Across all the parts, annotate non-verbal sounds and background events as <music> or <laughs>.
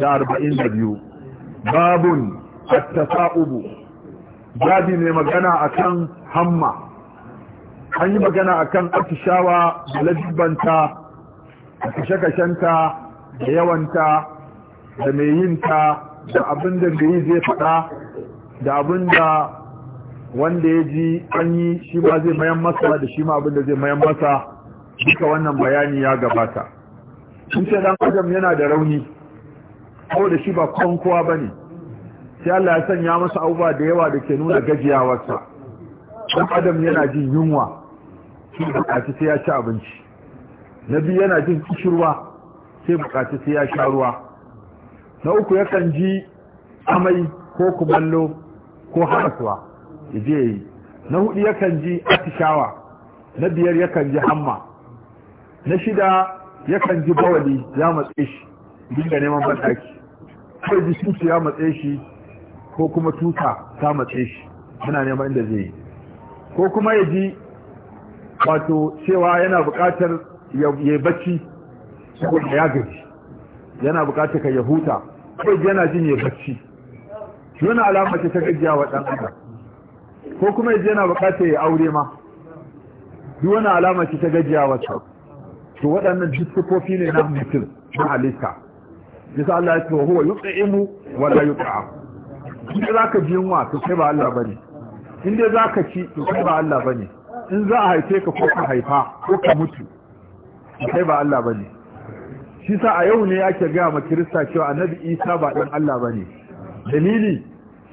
da arba'in da biyu babun ubu. babi mai magana akan hamma an yi magana akan atishawa da lajibanta da kashe-kashenta da yawanta da mai yinta da abin da mai zai faɗa da abin da wanda ya ji an yi shi ma zai mayan masa da shi ma abin da zai mayan masa duka wannan bayani ya gabata. Sun ce ɗan adam yana da rauni da shi ba kwankowa ba ne sai Allah ya sanya masa abubuwa da yawa da ke nuna gajiyawarsa ɗan adam yana jin yunwa shi bukaci sai ya ci abinci na biyu yana jin kishirwa sai bukaci sai ya sha ruwa na uku yakan ji amai ko kumallo ko harasuwa ya je yi na hudu yakan ji atishawa na biyar yakan ji hamma na shida yakan ji bawali ya matse shi dinga neman bataki ko jikinsu ya matse shi ko kuma tuta ta matse shi yana neman inda zai yi ko kuma ya ji wato cewa yana buƙatar ya bacci saboda ya gaji yana buƙatar ka ya huta ko yana jin ya bacci yana alama ce ta gajiya wa dan adam ko kuma ya ji yana buƙatar ya aure ma yana alama ce ta gajiya wa ta to waɗannan duk ne na mutum na halitta Yasa Allah ya ce wa huwa yut'imu wa la yut'am in za ka ji yunwa to sai ba Allah bane in dai za ka ci to sai ba Allah bane in za a haife ka ko ka haifa ko ka mutu to kai ba Allah bane shi sa a yau ne ake ga ma Kirista cewa Annabi Isa ba dan Allah bane dalili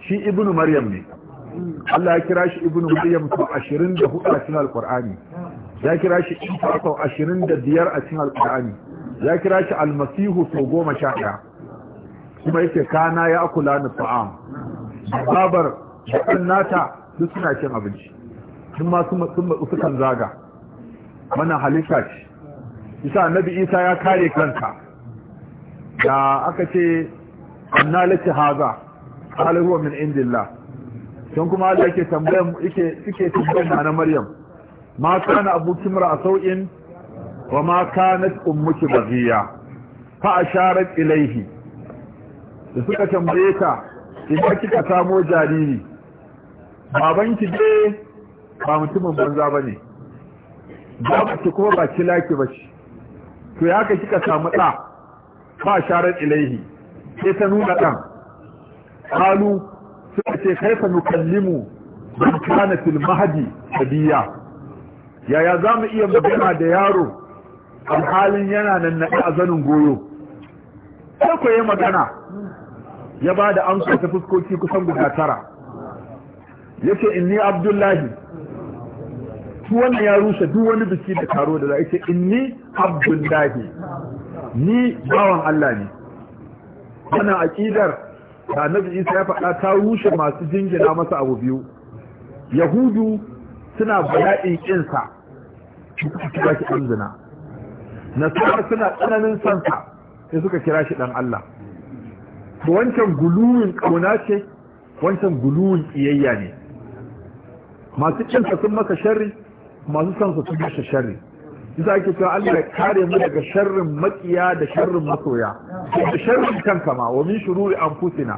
shi ibnu Maryam ne Allah ya kira shi ibnu Maryam sau 24 a cikin Alƙur'ani ya kira shi Isa sau 25 a cikin Alƙur'ani ya kira shi almasihu sau goma sha ɗaya kuma yake kana ya kula ni fa'am babar ɗan nata duk suna cin abinci sun ma sun matsu zaga mana halitta ce isa annabi isa ya kare kanka da aka ce anna laki haza qala huwa min indillah sun kuma Allah yake tambayan yake suke tambayan na Maryam ma kana abu kimra a sau'in wa ma kanat ummuki baghiya fa asharat ilaihi. da suka tambaye ta idan kika samo jariri babanki ne ba mutumin banza bane babanki kuma ba kilaki bace to ya ka kika samu da fa asharat ilaihi. sai ta nuna dan qalu suka ce kaifa nukallimu mu kana fil mahdi hadiya yaya za mu iya magana da yaro alhalin yana nan na a zanin goyo sai ku yi magana ya ba da amsa ta fuskoki kusan guda tara ya ce inni abdullahi su wannan ya rushe duk wani biki da taro da za a ce inni abdullahi ni bawan Allah ne wannan aƙidar da annabi Isa ya faɗa ta rushe masu jingina masa abu biyu yahudu suna bala'in kinsa suka ci baki nasara suna tsananin sansa sai suka kira shi dan Allah to wancan guluwin kauna ce wancan guluwin iyayya ne masu cinsa sun masa sharri masu sansa sun masa sharri isa ake cewa Allah ya kare mu daga sharrin makiya da sharrin masoya da sharrin kanka ma wa min shururi anfusina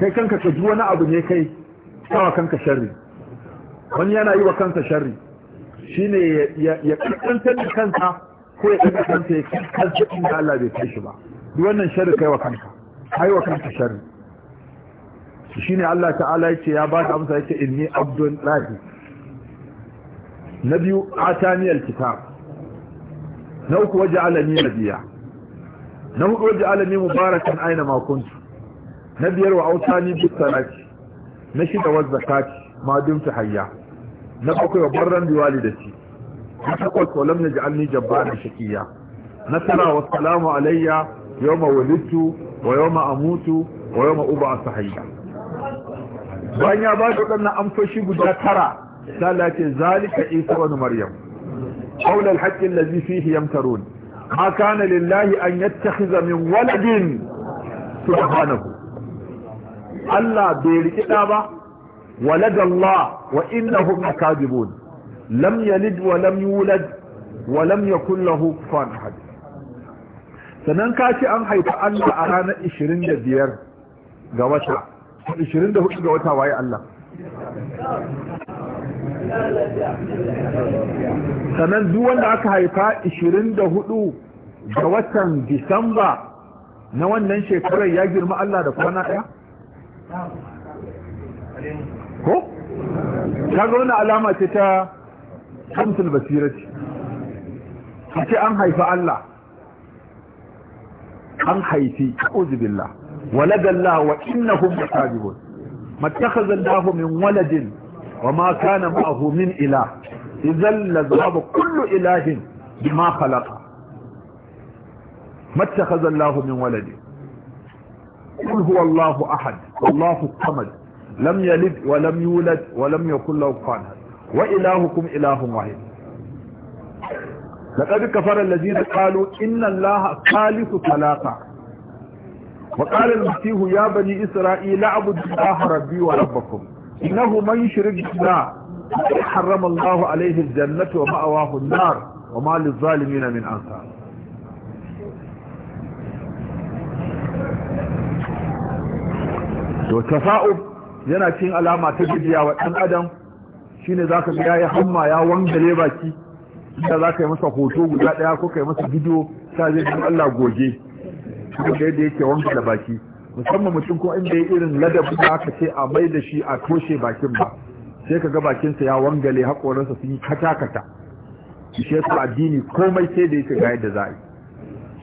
kai kanka ka ji wani abu ne kai sawa kanka sharri wani yana yi wa kansa sharri shine ya kankantar da kansa ko ya ɗaga kansa ya kai kansa inda Allah bai kai shi ba duk wannan sharri kai wa kanka kai wa kanka sharri shine Allah ta'ala ya ce ya ba ta amsa yace inni abdun lahi na biyu a atani alkitab na uku waje nabiyya na biya. Na hudu waja'alani mubarakan aina ma kuntu na biyar wa autani bis salati na shida wa zakati ma dumtu hayya na bakwai wa barran shi. na takwas walam na ja'alni jabbaran shaqiya na tara wa salamu alayya yawma wulidtu wa yawma amutu wa yawma a hayya banya ya ba da wadannan amfashi guda tara sai zalika isa wa maryam qawl al-haqq alladhi fihi yamtarun ma kana lillahi an yattakhidha min waladin subhanahu Allah bai riki da ba waladallah wa innahum kadibun. lam yalid wa lam yulad wa lam yakul lahu kufuwan ahad sannan ka ce an haifi Allah a ranar 25 ga wata 24 ga wata waye Allah sannan duk wanda aka haifa 24 ga watan disamba na wannan shekarar ya girma Allah da kwana ɗaya? ko? ta zaune alama ce ta shamsul basirati kace an haifi Allah an haifi a'udhu billah waladallah wa innahum lakadibun mattakhadha Allah min waladin wa wama kana ma'ahu min ila, idhan la dhaba kullu ilahin bima khalaqa mattakhadha Allah min waladin قل هو الله أحد والله الصمد لم يلد ولم يولد ولم يكن له كفوا wa ilahukum ilahun wahid laqad kafara allazina qalu inna allaha thalithu thalatha wa qala al-masih ya bani isra'ila abudu allaha rabbi wa rabbakum innahu man yushrik billah harrama allahu alayhi al-jannata wa ma'awahu an wa ma liz-zalimin min ansar to tafa'ub yana cin alama ta gidiya ɗan adam ne za ka ga yayi hamma ya wangale baki za ka yi masa hoto guda daya ko ka yi masa bidiyo ta zai dan Allah goge kuma da yadda yake wangale baki musamman mutum ko inda ya irin ladabi da aka ce a mai da shi a toshe bakin ba sai ka ga bakinsa ya wangale haƙorinsa sun yi kata-kata shi yasa addini komai sai da yake ga yadda za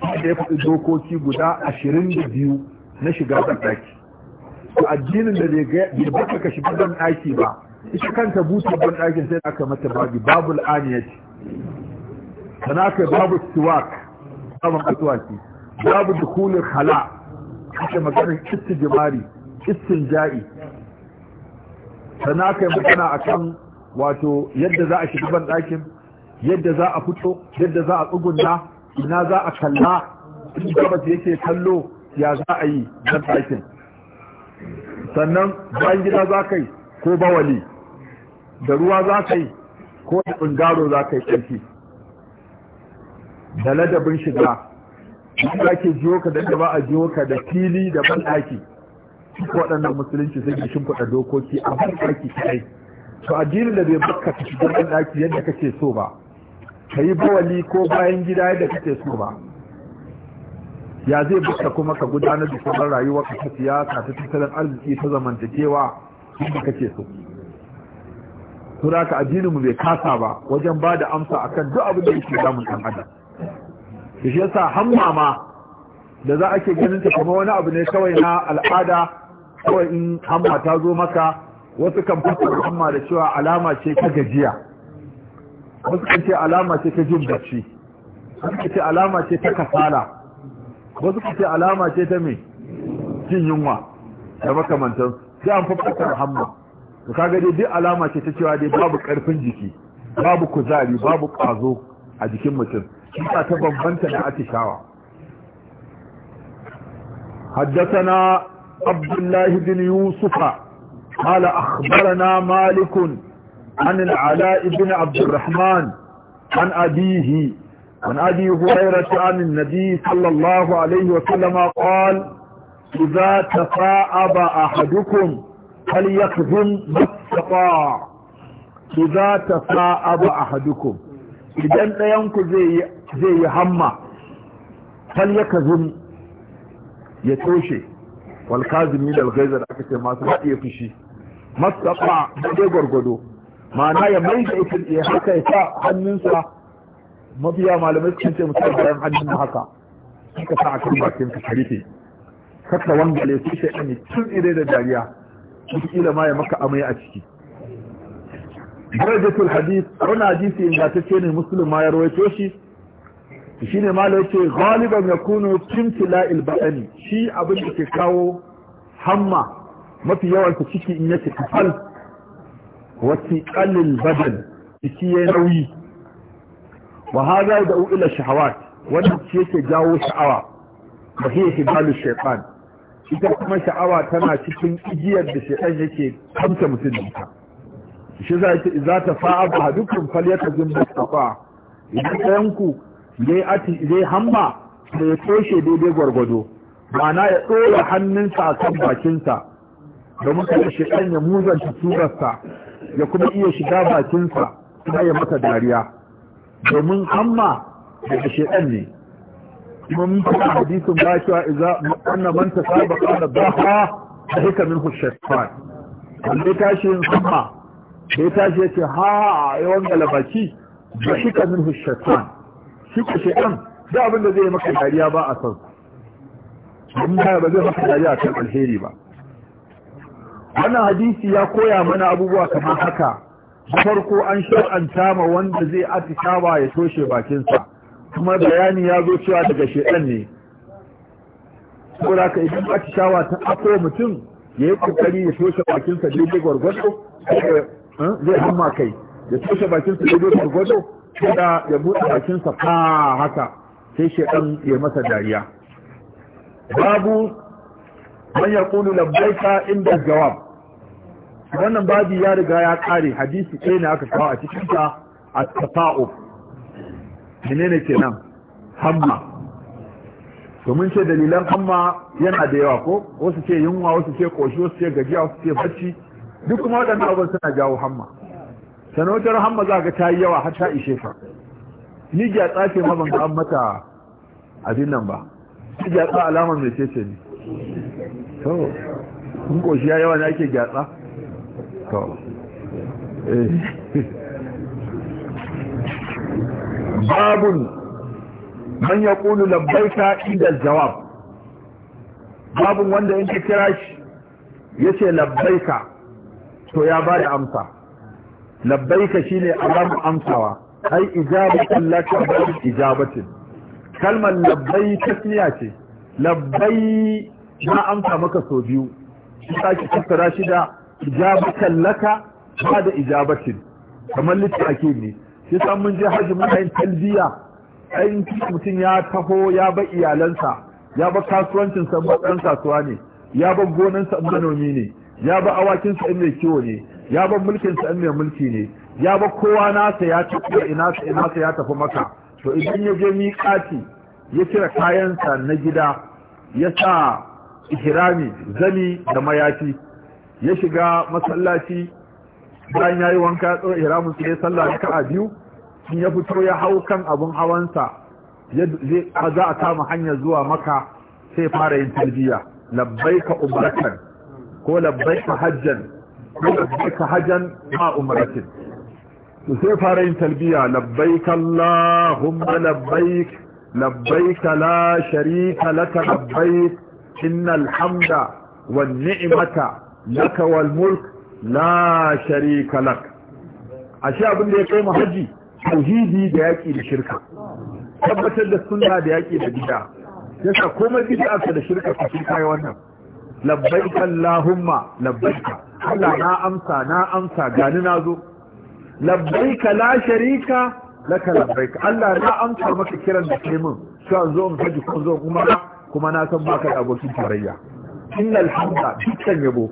a yi da dokoki guda ashirin da biyu na shiga ɗaki to addinin da bai baka ka shiga ɗaki ba ita kanta buta ban ɗakin sai aka mata babi babu al'aniya sana ka babu siwak babu asuwaki babu dukulin hala aka maganin istin jimari ja'i sana ka magana a kan wato yadda za a shiga ban ɗakin yadda za a fito yadda za a tsugunna ina za a kalla in gabas yake kallo ya za a yi ban ɗakin sannan bayan gida za ka yi ko bawali da ruwa za ka yi ko da ɓangaro za ka yi ƙarfi da ladabin shiga da ake jiyo ka da ba a jiyo ka da fili da banɗaki ko waɗannan musulunci sun gishin shimfiɗa dokoki a banɗaki kai to addinin da bai baka ta shiga banɗaki yadda kake so ba ka yi bawali ko bayan gida yadda kake so ba ya zai baka kuma ka gudanar da sauran rayuwa ka ta siyasa ta tattalin arziki ta zamantakewa yadda kake so to da addinin mu bai kasa ba wajen ba da amsa akan duk abin da yake damun dan adam to shi yasa hamma ma da za ake ganin ta kuma wani abu ne kawai na al'ada kawai in hamma ta zo maka wasu kan fita hamma da cewa alama ce ta gajiya wasu kan ce alama ce ta jin bacci wasu kan ce alama ce ta kasala wasu kan ce alama ce ta me jin yunwa da makamantansu sai an fassara hamma to kaga dai alama ce ta cewa dai babu karfin jiki babu kuzari babu kazo a jikin mutum shi ka ta bambanta da atishawa na abdullah ibn yusufa qala na malik an ala ibn abd alrahman an abihi an abi hurairah an nabi sallallahu alayhi wa sallam qala إذا تفاعب أحدكم فليكظم ما استطاع إذا تصاعب أحدكم idan ɗayanku zai yi hamma fal ya toshe walkazin min alghaizar aka ce masu haɗe fushi mastafa da dai gwargwado ma'ana ya mai da ita ya haka ya sa hannunsa mabiya malamai sun ce mutum bayan hannun haka suka sa a kan bakin ka karfe kasa wanda le shi ɗani tun ire da dariya wataƙila ma ya maka amai a ciki darajatul hadith wani hadisi ingantacce ne muslim ma ya rawaito shi shi ne malo ce galiban ya kuno kimtila baɗani, shi abin da ke kawo hamma mafi yawan ta ciki in yake kafal wati badan ciki ya nauyi wa haza da ila shahawat wanda shi yake jawo sha'awa ba hiya Balu shaytan ita kuma sha'awa tana cikin igiyar da shekai yake kamta mutum da ita shi za ta fa'a ba dukkan falyata jin mustafa idan ɗayanku zai hamma da ya toshe daidai gwargwado ma'ana ya ɗora hannunsa a kan bakinsa muka kada shekai ya muzanta turarsa ya kuma iya shiga bakinsa kuma ya masa dariya domin hamma da shekai ne mun fi hadisin ba cewa iza anna man tasabaqa da baha da hika min shaytan wanda tashi yin sama da ya tashi yace ha yawan galabaki da hika min shaytan shi da abin da zai maka dariya ba a san amma ba zai maka dariya kan alheri ba wannan hadisi ya koya mana abubuwa kamar haka da farko an shar'anta ma wanda zai atishawa ya toshe bakinsa kuma bayani ya zo cewa daga shedan ne saboda ka idan atishawa ta ako mutum ya yi kokari ya toshe bakinsa daidai gwargwado eh, zai hamma kai ya toshe bakinsa daidai gwargwado kada ya buɗe bakinsa fa haka sai shedan ya masa dariya babu man kulu labbaika inda jawab wannan babi ya riga ya kare hadisi ɗaya ne aka kawo a cikin ta at-tafa'u menene kenan hamma to mun ce dalilan hamma yana da yawa ko wasu ce yunwa wasu ce koshi wasu ce gajiya wasu ce bacci duk kuma waɗannan abubuwan suna jawo hamma sanautar hamma za ga ta yi yawa har ta ishe ka ni ga tsafe ma ban ga mata abin nan ba ni ga tsa alama mai ce ne to kun koshi ya yawa na ake gyatsa to eh <laughs> babun man ya kulu labbaika inda jawab babun wanda in kira shi ya ce labbaika to ya ba da amsa labbaika shine alamu amsawa ai ijabatin laka ijabatin kalmar labbai tasniya ce labbai na amsa maka so biyu shi sake tattara shi da ijabatan laka ba da ijabatin kamar littaki ne shi san mun je haji mun yin talbiya ayin mutum ya taho ya ba iyalansa ya ba kasuwancin sa ɗan kasuwa ne ya ba gonan sa manomi ne ya ba awakin sa mai kiwo ne ya ba mulkin sa mai mulki ne ya ba kowa nasa ya tafi ina sa ina sa ya tafi maka to idan ya je miƙati ya cire kayansa na gida ya sa ihrami zani da mayafi ya shiga masallaci bayan ya yi wanka ya ihramin su ya sallah raka'a biyu in ya fito ya hau kan abun hawansa za a kama hanyar zuwa maka sai fara yin talbiya ka umratan ko labbai ka hajjan ko labbai ka hajjan ma umratin to sai fara yin talbiya labbaika allahumma labbai ka la sharika laka labbai innal hamda wan ni'mata laka wal mulk la sharika lak ashe abin da ya kai mu haji tauhidi da yaki da shirka tabbatar da sunna da yaki da bid'a yasa komai bid'a ka da shirka ka shirka ya wannan labbaika allahumma labbaika Allah na amsa na amsa gani na zo labbaika la sharika laka labbaika Allah na amsa maka kiran da kai shi an zo mu haji ko zo kuma kuma na san baka da abokin tarayya innal hamda dukkan yabo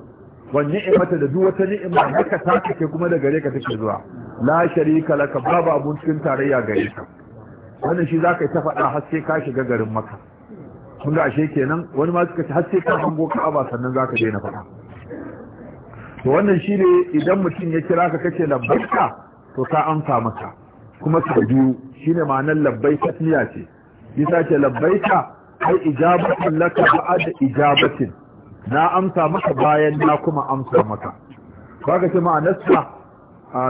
wani ni'imata da duk wata ni'ima duka ta take kuma da gare ka take zuwa la sharika laka babu abun cikin tarayya gare ka wannan shi zaka yi ta faɗa har sai ka shiga garin maka kun ga ashe kenan wani ma suka ce har sai ka hango ka'aba sannan zaka na faɗa to wannan shi ne idan mutum ya kira ka kace labbaika to ka amsa masa kuma ka biyu shine ma'anar Labbai tiya ce bisa ce labbaika ai ijabatin laka ba'ad ijabatin na amsa maka bayan na kuma amsa maka kaga ce ma nasta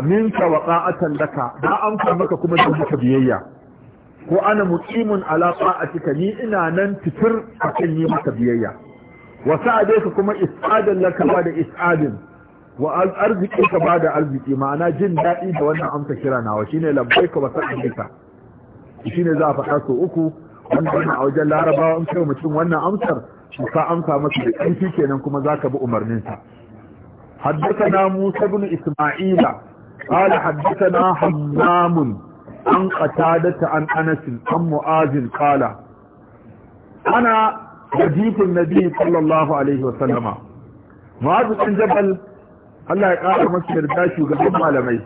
minka wa qa'atan laka na amsa maka kuma zan maka biyayya ko ana alaƙa a cika, ni ina nan titir kan yi maka biyayya wa sa'adaka kuma isadan laka ba da isadin wa arziki ka ba da arziki ma'ana jin daɗi da wannan amsa kira nawa shine labbai ka wasan amsa shine za a faɗa so uku wanda a wajen larabawa in kai mutum wannan amsar ka amsa masa da ƙarfi kenan kuma zaka bi umarninsa. Haddasa haddathana Musa ibn Isma'il qala haddathana Hammam an qatada an Anas an Mu'az qala ana hadith an sallallahu alayhi wa sallama Mu'az bin Jabal Allah ya ƙara masa yarda shugaban ga malamai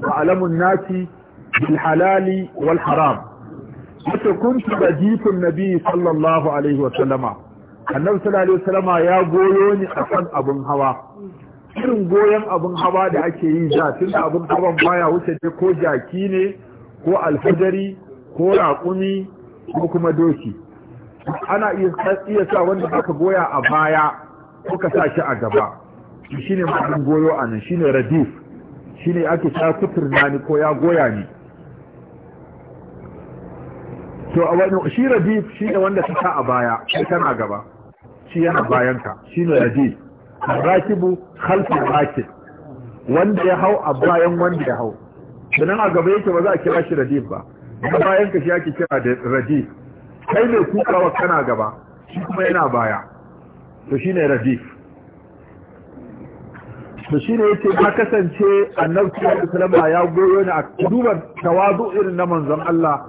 ma'alamun nasi bil halal wal haram kunt bajitu an-nabi sallallahu alayhi wa sallama annabi sallallahu alaihi wasallama ya goyo ni a kan abin hawa irin goyon abin hawa da ake yi da tun da abin hawan baya wuce ne ko jaki ne ko alfajari ko raƙumi ko kuma doki ana iya sa wanda aka goya a baya ko ka sa shi a gaba shi ne ma'anin goyo a nan shi ne radif shi ne ake sa kuturna ni ko ya goya ni to a wani shi radif shi ne wanda ta sa a baya kai tana gaba shi yana bayanka shi ne radi rakibu khalfin rakib wanda ya hau a bayan wanda ya hau sannan a gaba yake ba za a kira shi radib ba na bayan ka shi ake kira da radib kai mai kukawa kana gaba shi kuma yana baya to shi ne radib to shi ne ya ce ta kasance annabci wa salama ya goyo ni a duba tawazu irin na manzon Allah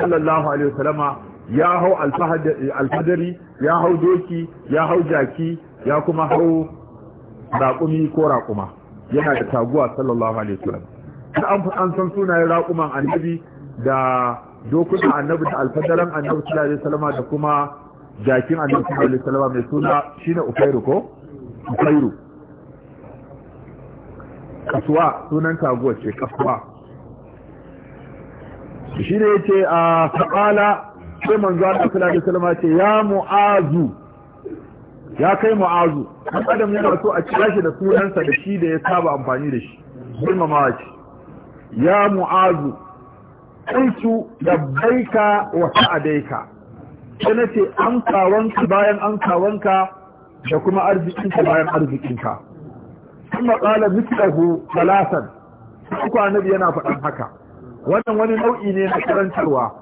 sallallahu alaihi wasallama ya hau alfadari ya hau doki ya hau jaki ya kuma hau raƙumi ko raƙuma yana da taguwa sallallahu alaihi wasallam an san sunayen raƙuman annabi da dokuna annabi da alfadaran annabi sallallahu alaihi wasallam da kuma jakin annabi sallallahu alaihi wasallam mai suna shine Ufairu ko Ufairu kasuwa sunan taguwa ce kasuwa shi ne yake a ah, faƙala sai manzo Allah sallallahu alaihi wasallam ce ya mu'azu ya kai mu'azu dan adam yana so a kira shi da sunansa da shi da ya saba amfani da shi ma ce ya mu'azu kuntu labbaika wa sa'adaika sai nace an kawanka bayan an kawanka da kuma arzikinka bayan arzikinka kuma qala mithlahu thalathan kuma annabi yana faɗan haka wannan wani nau'i ne na karantarwa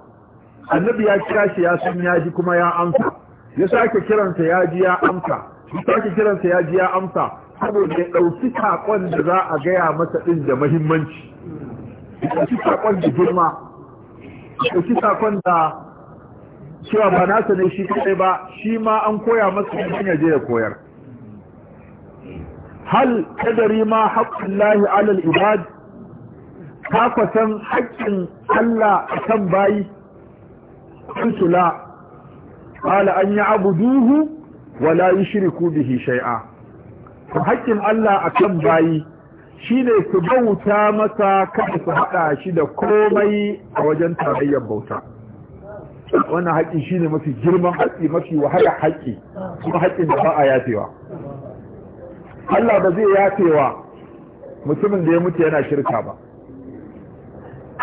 annabi ya kira shi ya san ya ji kuma ya amsa ya sake kiransa ya ji ya amsa ya sake kiransa ya ji ya amsa saboda ya ɗauki saƙon da za a gaya masa ɗin da mahimmanci ya ɗauki saƙon da girma ya ɗauki saƙon da cewa ba nasa ne shi kaɗai ba shi ma an koya masa yin ya je ya koyar hal kadari ma habdullahi alal ibad ka kwasan haƙƙin Allah a kan bayi قلت لا قال أن يعبدوه ولا يشركوا به شيئا فحكم الله أكم shine su bauta masa kada su haɗa shi da komai a wajen tarayyar bauta wannan haƙi shine mafi girman haƙi mafi wahala haƙi kuma haƙin da ba a yafewa Allah ba zai yafewa mutumin da ya mutu yana shirka ba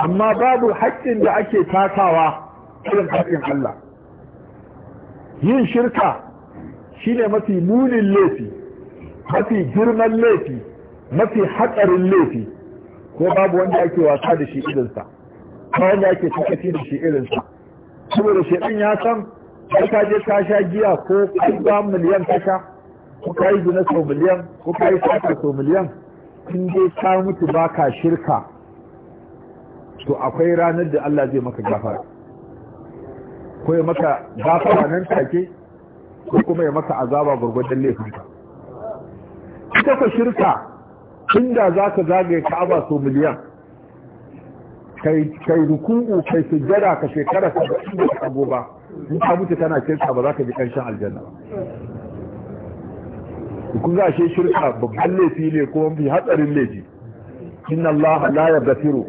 amma babu haƙƙin da ake takawa irin haƙin Allah yin shirka shine mafi munin laifi mafi girman laifi mafi hatsarin laifi ko babu wanda ake wasa da shi irinsa ko wanda ake sakaci da shi irinsa saboda ɗan ya san har ka je ka sha giya ko ka miliyan ka sha ko ka yi sau miliyan ko ka yi sata sau miliyan in dai ka mutu baka shirka to akwai ranar da Allah zai maka gafara ko ya maka gafara nan take ko kuma ya maka azaba gurgurdan laifinka ita ka shirka inda za ka zagaye ka'aba so miliyan kai ruku'u kai sujjada ka shekara ka da ka ba in ka mutu kana shirka ba za ka ji kanshin aljanna ba kun ga shi shirka babban laifi ne ko mafi hatsarin laifi inna Allah la yaghfiru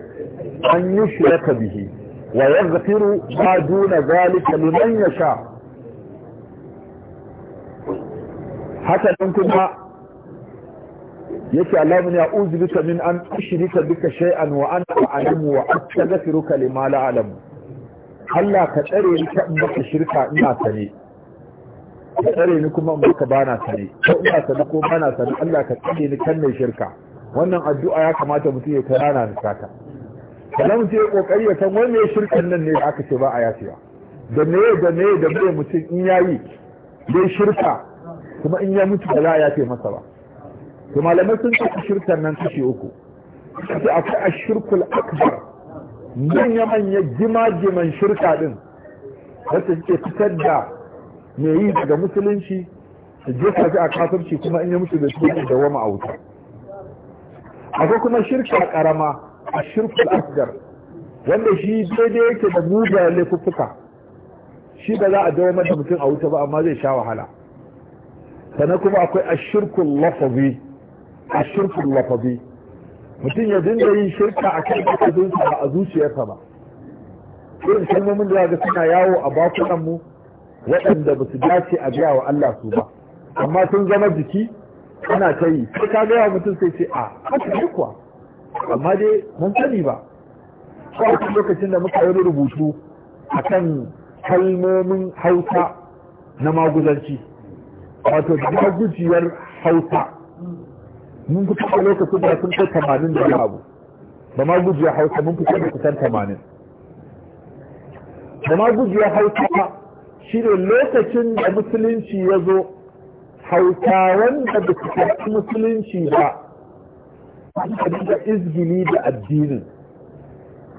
an yushraka bihi ويغفر ما دون ذلك لمن يشاء haka nan kuma yake Allah ya uzu bika min an ushrika bika shay'an wa ana a'lamu wa astaghfiruka lima la a'lamu Allah ka tsare ni ka shirka ina sane ka tsare ni kuma in baka bana sane ko ina sane ko bana sane Allah ka ni kan shirka wannan addu'a ya kamata mutum ya kai rana kalam sai kokari ya san wani shirkan nan ne da aka ce ba a ba. da me da me da me mutum in yayi dai shirka kuma in ya mutu ba za a yafe masa ba to malamai sun ce shirkan nan kashi uku sai akwai ashirkul akbar manya manya jimajiman shirka din wacce suke fitar da me yi daga musulunci su jefa shi a kafirci kuma in ya mutu da su da wama a wuta akwai kuma shirka karama a shirkul asgar wanda shi daidai yake da muda laifuffuka shi ba za a dawo da mutum a wuta ba amma zai sha wahala sannan kuma akwai a shirkul lafazi a shirkul lafazi mutum ya dinga yin shirka a kan ƙasashensa a zuciyarsa ba irin kalmomin da ga suna yawo a bakunan mu waɗanda ba su dace a gaya wa Allah su ba amma sun zama jiki ana ta yi sai ka gaya mutum sai ce a haka kuwa amma dai mun sani ba kawai lokacin da muka yi rubutu a kan kalmomin hausa na maguzanci wato da magujiyar hausa mun fi kusa lokacin da sun kai tamanin da abu da magujiyar hausa mun fi kusa kusan tamanin da magujiyar hausa shi ne lokacin da musulunci ya zo wanda da ba su musulunci ba ka dinga izgili da addini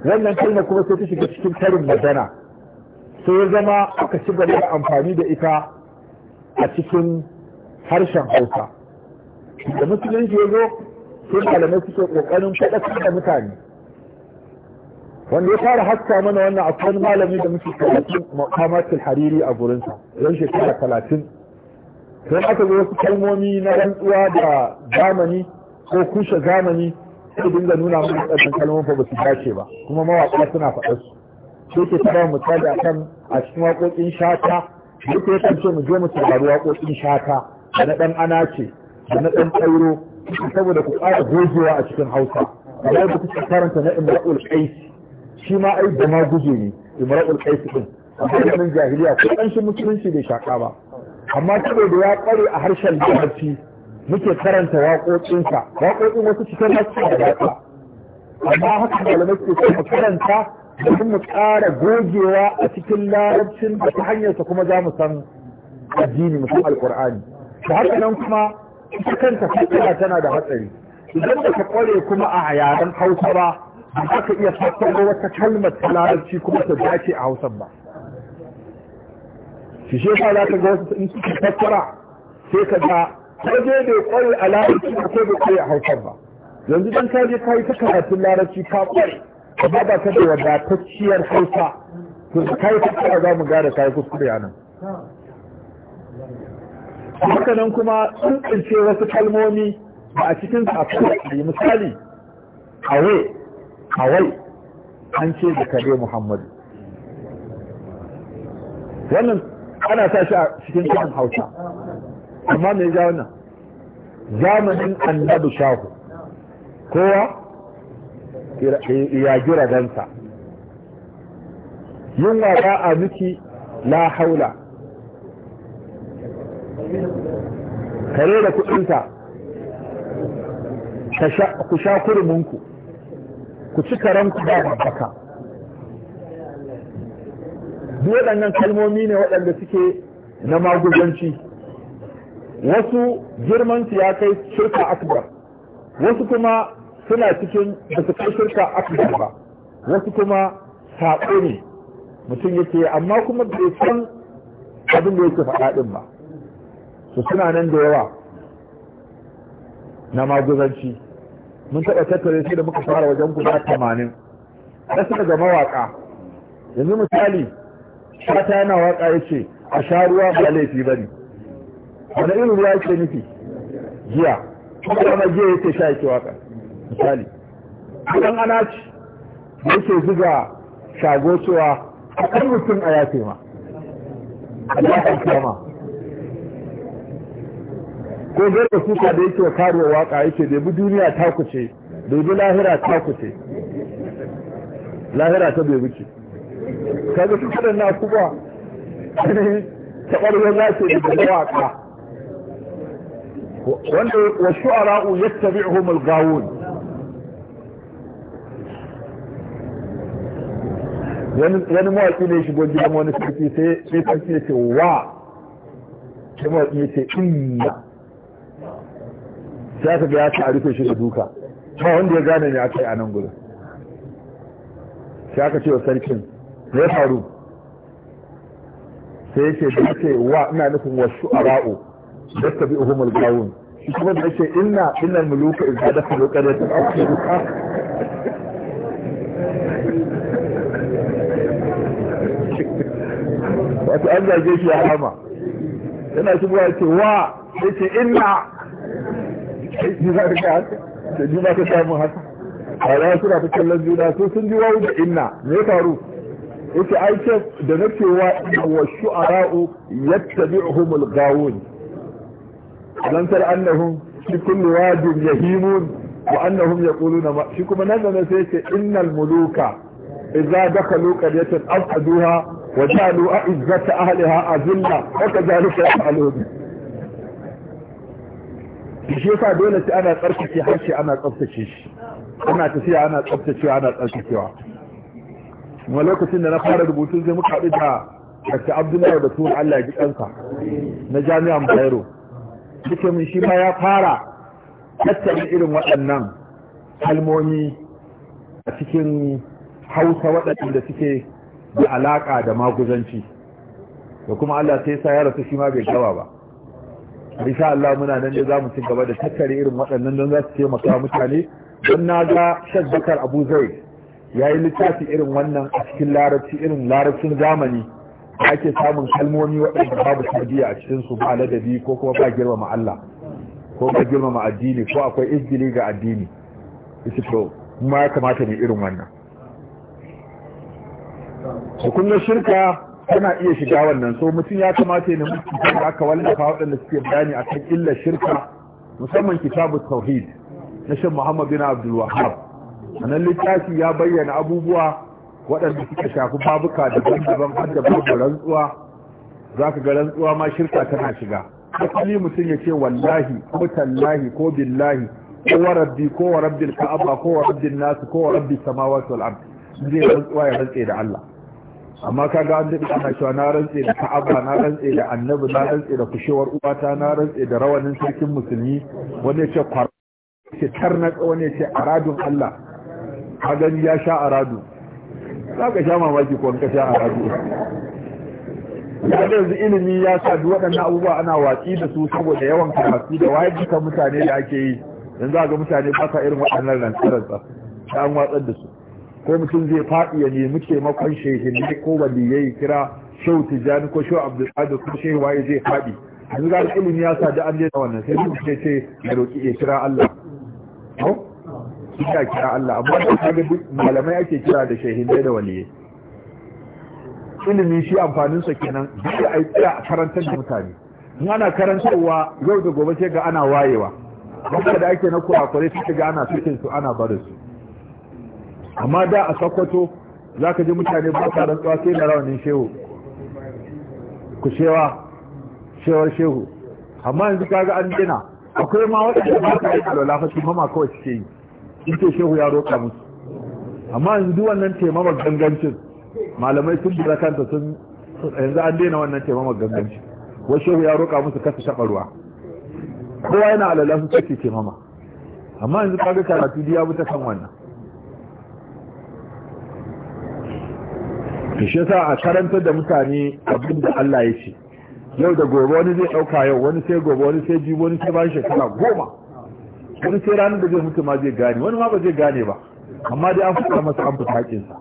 wannan kalma kuma sai ta shiga cikin karin magana sai ya zama aka ci gaba da amfani da ita a cikin harshen hausa da musulunci ya zo sun malamai suke kokarin faɗakar da mutane wanda ya fara haska mana wannan akwai malami da muke karatun makamatul hariri a gurinsa yan shekara talatin sai aka zo wasu kalmomi na rantsuwa da zamani ko kushe zamani sai dinga nuna mana waɗannan kalmomin fa ba su dace ba kuma mawaƙa suna faɗa su sai ke fara misali akan a cikin waƙoƙin shata duk ya kance mu je mu saurari waƙoƙin shata da na ɗan ana ce da na ɗan ɗauro saboda ku ƙara gogewa a cikin hausa kamar da kuka karanta na imra'ul qaisi shi ma ai da ma guje ne imra'ul qaisi din amma ganin jahiliya ko ƙanshin musulunci bai shaƙa ba amma saboda ya ƙware a harshen larabci muke karanta waƙoƙinsa waƙoƙin wasu cikin haske da daɗi amma haka malamai ke kuma mu karanta domin mu ƙara gogewa a cikin larabcin da ta hanyarsa kuma za mu san addini mu san alƙur'ani da haka nan kuma ita kanta tana da hatsari idan da ka ƙware kuma a yaren hausa ba ba ka iya fassara wata kalmar ta larabci kuma ta dace a hausan ba shi shi yasa za ka ga wasu in suka fassara sai ka ga sai bai kwai a larabci ba ko bai a hausar ba yanzu dan ka je ka yi ta karatun larabci ka kware ka ba da wadatacciyar hausa to ka yi kuskure za mu ka yi kuskure a nan haka nan kuma sun tsince wasu kalmomi ba a cikin su a kawai misali awai awai an ce da kare muhammadu wannan ana sa shi a cikin kan hausa amma me ja wannan zamanin annabi shahu kowa ya gira gansa yin waka a miki la haula kare da kudinta ku sha kurminku ku ci karanku ba babbaka duk waɗannan kalmomi ne waɗanda suke na magudanci wasu girman ya kai shirka akbar wasu kuma suna cikin da su kai shirka akbar ba wasu kuma saƙo ne mutum yake amma kuma bai san abin da yake faɗa ɗin ba su suna nan da yawa na maguzanci mun taɓa tattare sai da muka fara wajen guda tamanin Ya wasu daga mawaƙa yanzu misali shata yana waƙa ya ce a sha ruwa ba laifi ba ne wani irin ruwa yake nufi Jiya. kuma jiya yake sha yake waka misali idan ana ci yake zuga shago cewa a kan mutum a yafe ma a yafe kyama ko zai da suka da yake karuwa waka yake da bi duniya ta kuce da bi lahira ta kuce lahira ta bai wuce kaga su kadan na kuma ainihin taɓarwar lafiya da waka wanda wasu wa shu'ara'u yattabi'uhum al-ghawun wani mawaƙi ne shigo gidan wani sarki sai sai sarki ya ce wa sai mawaƙi ya ce inna sai aka gaya ya ta rufe shi da duka ba wanda ya gane ne aka yi a nan gudun sai aka ce wa sarkin ya faru sai ya ce da ce wa ina nufin wasu ara'u da tabi uhumul gawun شوفت ماشي إلنا إلنا الملوك إذ هدف الملوك أنا تبقى وتقال لها جيش يا حما إلنا شوفوا هاتي وا ماشي إلنا جيبا كتامو هاتا ألا سنة تكلم بينا سوسن دي واو بإلنا ميتارو ايش عايشة دنكي وا إلنا والشعراء يتبعهم الغاون لم تر أنهم في كل واد يهيمون وأنهم يقولون ما شكما نظر نسيك إن الملوك إذا دخلوا قرية أفعدوها وجعلوا أعزة أهلها أذلة وكذلك يفعلون بشيطة دولة أنا قرشك حشي أنا قرشك أنا تسيع أنا قرشك أنا أنا أنا أنا أنا أنا أنا أنا أنا أنا قرشك ولوك سنة أنا بوتوزي مكعبتها بس عبد الله أنا على جئنك نجامي عم بيرو yake mun shi ma ya fara tattara irin waɗannan kalmomi a cikin hausa waɗanda suke da alaƙa da maguzanci da kuma Allah sai sa ya rasu shi ma bai gawa ba insha Allah muna nan da zamu ci gaba da tattare irin waɗannan don za su taimaka mutane don na ga Sheikh Bakar Abu Zaid yayi littafi irin wannan a cikin larabci irin larabcin zamani ake samun kalmomi waɗanda babu tarbiyya a cikin su ba ladabi ko kuma ba girmama Allah ko ba girmama addini ko akwai izgili ga addini isi to ma ya kamata ne irin wannan hukumar shirka tana iya shiga wannan so mutum ya kamata ne mutum kan aka wallafa waɗanda suke bayani akan illar shirka musamman kitabu tauhid na shan muhammad bin abdul wahab a nan littafi ya bayyana abubuwa waɗanda suka shafi babuka da daban-daban har da babu rantsuwa za ka ga rantsuwa ma shirka tana shiga asali mutum ya ce wallahi ko tallahi ko billahi ko warabbi rabbi ko ka'aba ko wa nasu ko warabbi rabbi samawati zai rantsuwa ya rantse da Allah amma ka ga an daɗe ana cewa na rantse da ka'aba na rantse da annabi na rantse da kushewar uwata na rantse da rawanin sarkin musulmi wanda ya ce kwarar ce tarnatsa wani ya ce aradun Allah ka gani ya sha aradu za ka sha mamaki ko ka sha a rabu yanzu ilimi ya sa waɗannan abubuwa ana watsi da su saboda yawan karatu da waye duka mutane da ake yi yanzu a ga mutane ba sa irin waɗannan rantsarantsa ta an watsar da su ko mutum zai faɗi ya nemi taimakon shehin ko wani ya yi kira shehu tijjani ko shehu abdulkadir ko shehu waye zai faɗi yanzu ga ilimi ya sa da an wannan sai mutum ce ya roƙi ya kira allah ina kira Allah amma da kaga duk malamai ake kira da shahidai da waliyai ilimi shi amfanin sa kenan duk ai tsaya a karantar da mutane in ana karantarwa yau da gobe sai ga ana wayewa wanda da ake na kurakure sai ga ana cikin su ana barin su amma da a Sokoto zaka ji mutane ba ta rantsuwa sai da rawanin shehu ku shewa shewar shehu amma yanzu kaga an dina akwai ma waɗanda ba sa yi alwala fa su mama kawai suke yi yake shehu ya roƙa musu amma yanzu duk wannan taimamar gangancin malamai sun bi kanta sun yanzu an daina wannan taimamar gangancin wai shehu ya roƙa musu kasa taɓa ruwa kowa yana alala su take taimama amma yanzu kaga karatu ya bi ta kan wannan to shi a karantar da mutane abin da Allah ya ce yau da gobe wani zai ɗauka yau wani sai gobe wani sai jibi wani sai bayan shekara goma wani sai ranar da zai mutu ma zai gane wani ma ba zai gane ba amma dai an fita masa an fita haƙinsa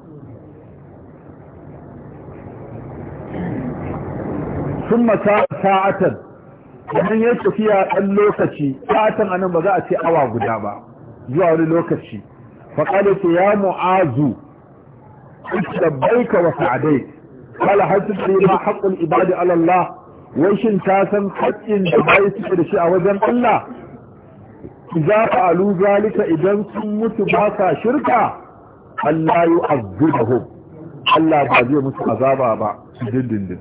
sun mata sa'atan idan ya tafiya ɗan lokaci sa'atan anan ba za a ce awa guda ba zuwa wani lokaci faƙaɗe ce ya mu'azu labbaika wa sa'adai kala hajji yi ma haƙƙul ibadi alallah wai shin ta san haƙƙin da bai suke da shi a wajen Allah idza fa'alu zalika idan sun mutu ba sa shirka Allah yu'azzibuhum Allah ba zai mutu azaba ba dindindin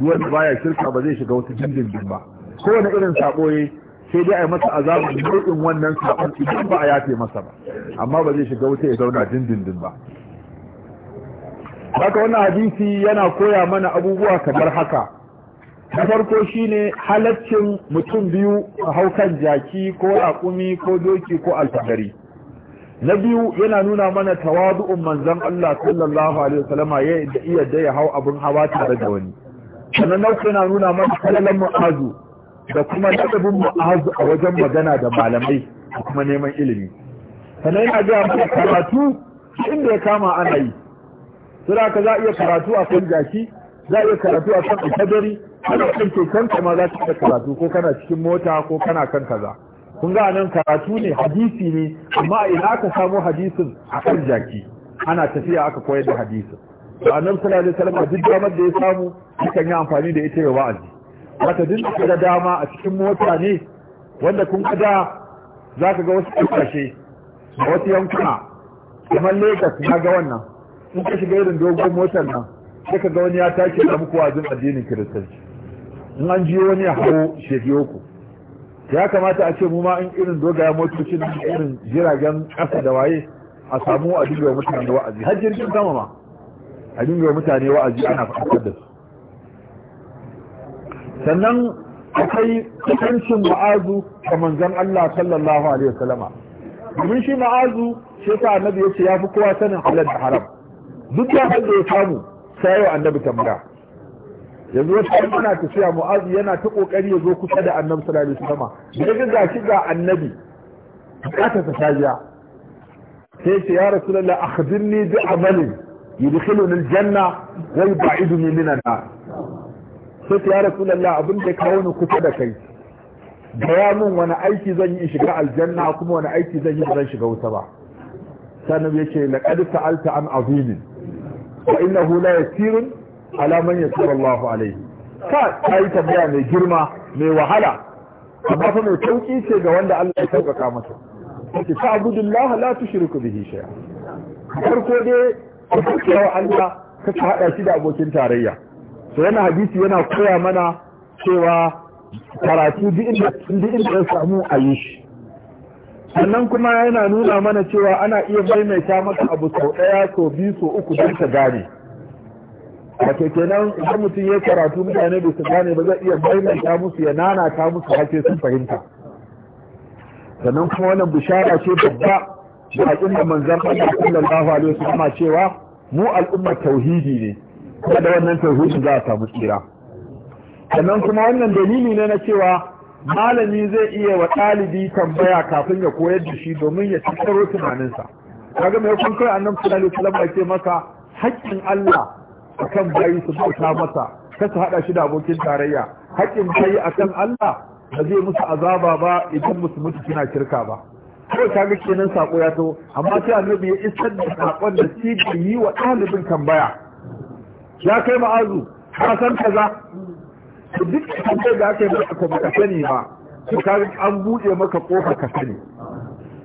wanda baya shirka ba zai shiga wata dindindin ba kowane irin sako yayi sai dai a yi masa azabin nau'in wannan sakon idan ba a yafe masa ba amma ba zai shiga wata ya zauna dindindin ba haka wannan hadisi yana koya mana abubuwa kamar haka na farko shine halaccin mutum biyu a hau kan jaki ko raƙumi ko doki ko alfadari na biyu yana nuna mana tawadu'un manzan Allah sallallahu alaihi wasallam ya iya da ya hau abin hawa tare da wani sannan na yana nuna mana kalalan mu'azu da kuma ladabin mu'azu a wajen magana da malamai da kuma neman ilimi sannan yana ga karatu inda ya kama ana yi sura ka za iya karatu a kan jaki za iya karatu a kan alfadari kana kan keken ma za ka karatu ko kana cikin mota ko kana kan kaza kun ga nan karatu ne hadisi ne amma ina ka samu hadisin a kan jaki ana tafiya aka koyar da hadisin to annabi sallallahu alaihi wasallam duk damar da ya samu yakan yi amfani da ita ya wa'azi wata duk da dama a cikin mota ne wanda kun ga da ka ga wasu kasashe a wasu yankuna kamar Lagos na ga wannan in ka shiga irin dogon motar nan sai ka ga wani ya tashi da muku wajen addinin Kiristanci in an jiyo wani ya hau shekiyo ku ya kamata a ce mu ma in irin dogaya motocin irin jiragen ƙasa da waye a samu a dinga mutane wa'azi har jirgin sama ma a dinga mutane wa'azi ana fahimtar da su sannan akwai kusancin ma'azu ga manzon Allah sallallahu alaihi wasallama domin shi ma'azu shi yasa annabi yace ya fi kowa sanin halal da haram duk da da ya samu sai wa annabi tambaya yanzu wata in tafiya mu'azu yana ta kokari ya zo kusa da annabi sallallahu alaihi wasallam daga ga shi ga annabi bukata ta tajiya sai ce ya rasulullah akhbirni bi amalin yudkhiluni aljanna wa yub'iduni minan nar sai ce ya rasulullah abin da kawo ni kusa da kai gaya min wani aiki zan yi shiga aljanna kuma wani aiki zan yi ba zan shiga wuta ba sannan ya ce laqad sa'alta an azimin wa innahu la yasirun alaman ya tsara Allah alaihi ka ta yi tambaya mai girma mai wahala amma fa mai sauki ce ga wanda Allah ya sauƙaƙa masa ki ta abudullah la ku bihi shay'a farko dai ka kiyaye Allah ka haɗa shi da abokin tarayya to yana hadisi yana koya mana cewa karatu duk inda ya samu a yi shi sannan kuma yana nuna mana cewa ana iya maimaita maka abu sau ɗaya sau biyu sau uku don ta gane wato nan, idan mutum ya karatu mutane da su gane ba zai iya maimaita musu ya nanata musu hake sun fahimta sannan kuma wannan bishara ce babba da da manzan Allah sallallahu alaihi wasallam cewa mu al'umma tauhidi ne kuma da wannan tauhidin za a samu tsira sannan kuma wannan dalili ne na cewa malami zai iya wa ɗalibi tambaya kafin ya koyar da shi domin ya tattaro tunaninsa kaga mai kun kai annabi sallallahu alaihi wasallam ce maka haƙƙin Allah akan bayi su bauta masa su haɗa shi da abokin tarayya haƙƙin a kan Allah ba zai musu azaba ba idan musu mutu suna kirka ba kawai ta ga kenan sako ya to amma sai annabi ya isar da sakon da shi da yi wa ɗalibin tambaya ya kai ma'azu ka san kaza duk da aka yi maka ko baka sani ba to ka an buɗe maka kofa ka sani